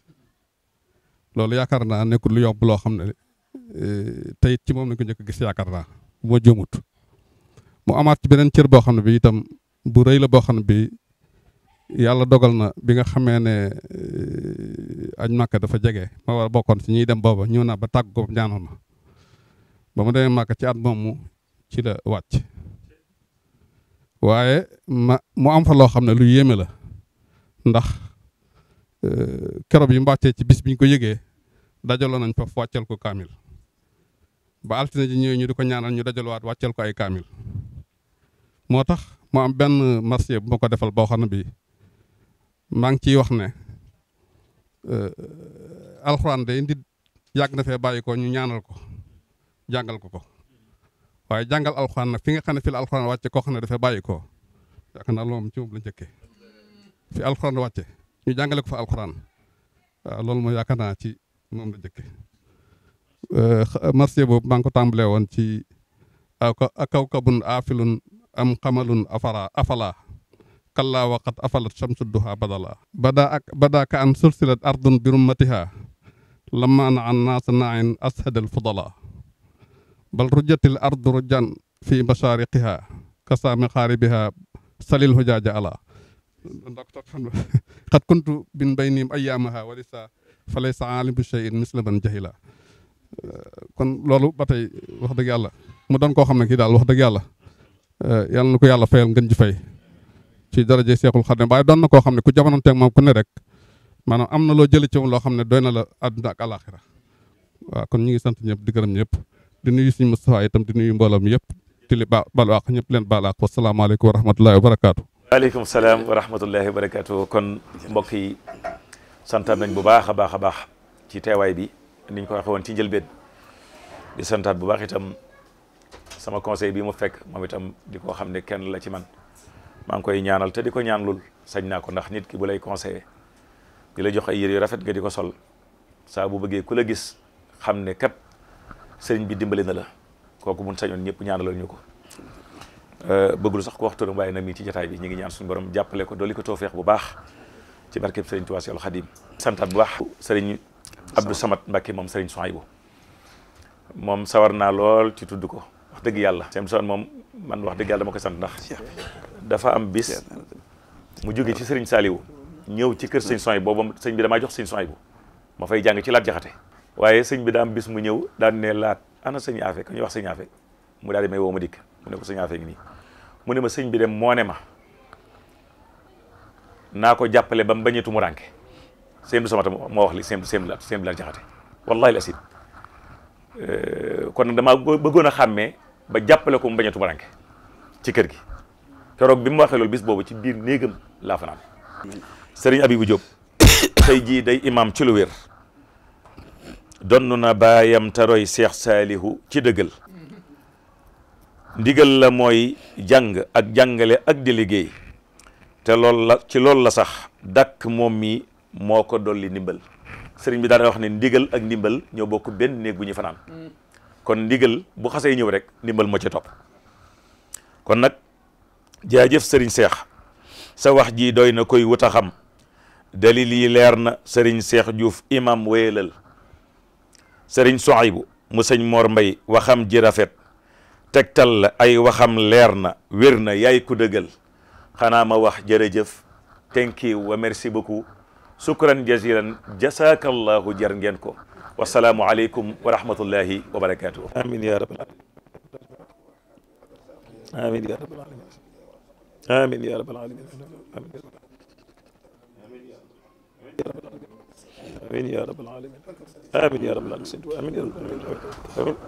loolu yaakaar naa nekkul lu yomb loo xam ne eh, tey it ci moom lañ ko njëkk gis yaakaar naa bu ma jëmut mu amaat ci beneen cër boo xam ne bi itam bu rëy la boo xam ne bi yàlla dogal na bi nga xamee ne eh, aj màkk dafa jege ma war si ñuy dem booba ñëw naa ba tàggu ko ñaanoon ma ba mu demee màkk ci at moomu ci la wàcc waaye ma mu am fa loo xam ne lu yéeme la ndax euh, keroog yi mbàccee ci bis biñ ko yëgee dajaloo nañ fa wàccal ko kaamil ba altine ji ñëwee ñu di ko ñaanal ñu dajalowaat wàccal ko ay kaamil moo tax mu am benn marché bu ma ko defal boo xam ne bii maa ngi ciy wax ne euh, alxuraan day indi yàgg na fee bàyyi ko ñu ñaanal ko jàngal ko ko waaye jàngal alxuraan nag fi nga xam ne fi la alxuraan wàcce koo xam ne dafay bàyyi ko yaakaar naa loolu moom ci moom la njëkkee fi alxuraan wàcce ñu jàngale ko fa alxuraan waaw loolu moom yaakaar naa ci moom la njëkkee euh, marché boobu maa ngi ko tàmbalee woon ci kaw kabun aafilun am xamalun afara afala kallaa waqat afalat shamsu duha bada ka an sursilat ardun bi rummatiha lamma ana an naasa naain ashadal fudala bal rujjatil ardu rujjan fi mashaariqiha kasaami xaaribiha salil hujaaja ala xat kuntu bin baynim ayyaamaha walisa fa laysa aalimu cheyin misla man jahila kon loolu ba tey wax dëgg yàlla mu doon koo xam ne kii daal wax dëgg yàlla yàlla na ko yàlla fayal ngeen ji fay ci daraje Seexul ne waaye doon na koo xam ne ku jamononteeg moom ku ne rek maanaam am na loo jëlee ci moom loo xam ne doy na la àdduna ak àlaaxira waaw kon ñu ngi sant ñëpp di gërëm ñëpp di nuyu suñu Moustapha itam di nuyu mbooloo mi yëpp di li ba balu àq ñëpp leen baal àq wasalaamaaleykum wa rahmatullahi wa barakaatu. waaleykum salaam wa rahmatullahi wa barakaatu kon mbokk yi santaat nañ bu baax a baax a baax ci teewaay bi niñ ko waxee ci njëlbeen di santaat bu baax itam sama conseil bi mu fekk moom itam di ko xam ne kenn la ci man maa ngi koy ñaanal te di ko ñaan lul sañ naa ko ndax nit ki bu lay conseillé di la jox ay yére yu rafet nga di ko sol bu bëggee ku la gis xam sëriñ bi dimbali na la kooku mun sañoon ñëpp ñaanalal ñu ko euh, bëggul sax ko waxturam waaye nag mii ci jataay bi ñu ngi ñaan suñu borom jàppale ko dolli ko toofeex bu baax ci barkeb sëriñ Tuubaa Seexul Xadiim santaat bu baax sëriñ Abdou Samad Mbacke moom sëriñ Souhaïbou moom sawar naa lool ci tudd ko wax dëgg yàlla seen son moom man wax dëgg yàlla dama koy sant ndax dafa am bis mu jóge ci sëriñ Saliou ñëw ci kër sëñ Souhaïbou boobu sëñ bi damaa jox sëñ Souhaïbou ma fay jàng ci laat jaxate waaye sëñ bi daam bis mu ñëw daan ne laat ana sëñ Afe ku ñuy wax sëñ Afe mu daal di may woo ma dikk mu ne ko sëñ Afe ngi nii mu ne ma sëñ bi dem moo ne ma naa ko jàppale ba mu bañetu mu rànke sëñ bi samata moo wax li sëñ sëñ la sëñ bi la jaxate wallahi la asid kon nag damaa bëggoon a xàmmee ba jàppale ko mu bañetu mu ci kër gi keroog bi mu waxee loolu bis boobu ci biir néegam laa fanaan sëriñ Abibou Diop tey jii day imam ci lu wér donn na baayam taroy seex saalihu ci dëggal ndigal la mooy jàng ak jàngale ak di liggéey te loolu la ci loolu la sax dàkk moom mi moo ko dolli ndimbal sëriñ bi daan wax ne ndigal ak ndimbal ñoo bokk benn néeg bu ñu fanaan kon ndigal bu xasee ñëw rek ndimbal moo ci topp kon nag jaajëf sëriñ seex sa wax ji doy na koy wut a xam dalil yi leer na sëriñ seex Juuf imam wéyalal sëriñ Sohaybu mu sëñ Mor Mbay waxam ji rafet tegtal la ay waxam leer na wér na ku dëggal xanaa ma wax jërëjëf thank you wa merci beaucoup sukran jaziran jasakallahu jar ngeen ko wasalaamu aleykum wa rahmatullahi amiin yaa rabbal aalamiin amiin yaa rabbal aalamiin amiin yaa rabbal aalamiin amiin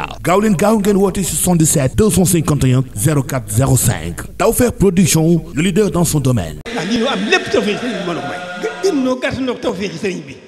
Dakar gaaw leen gaaw ngeen woote 77 251 04 05 Tawfekh Production le leader dans son domaine. Ah, am lépp tawfeex sëriñ bi mën a may. gën noo gàtt noo tawfeex sëriñ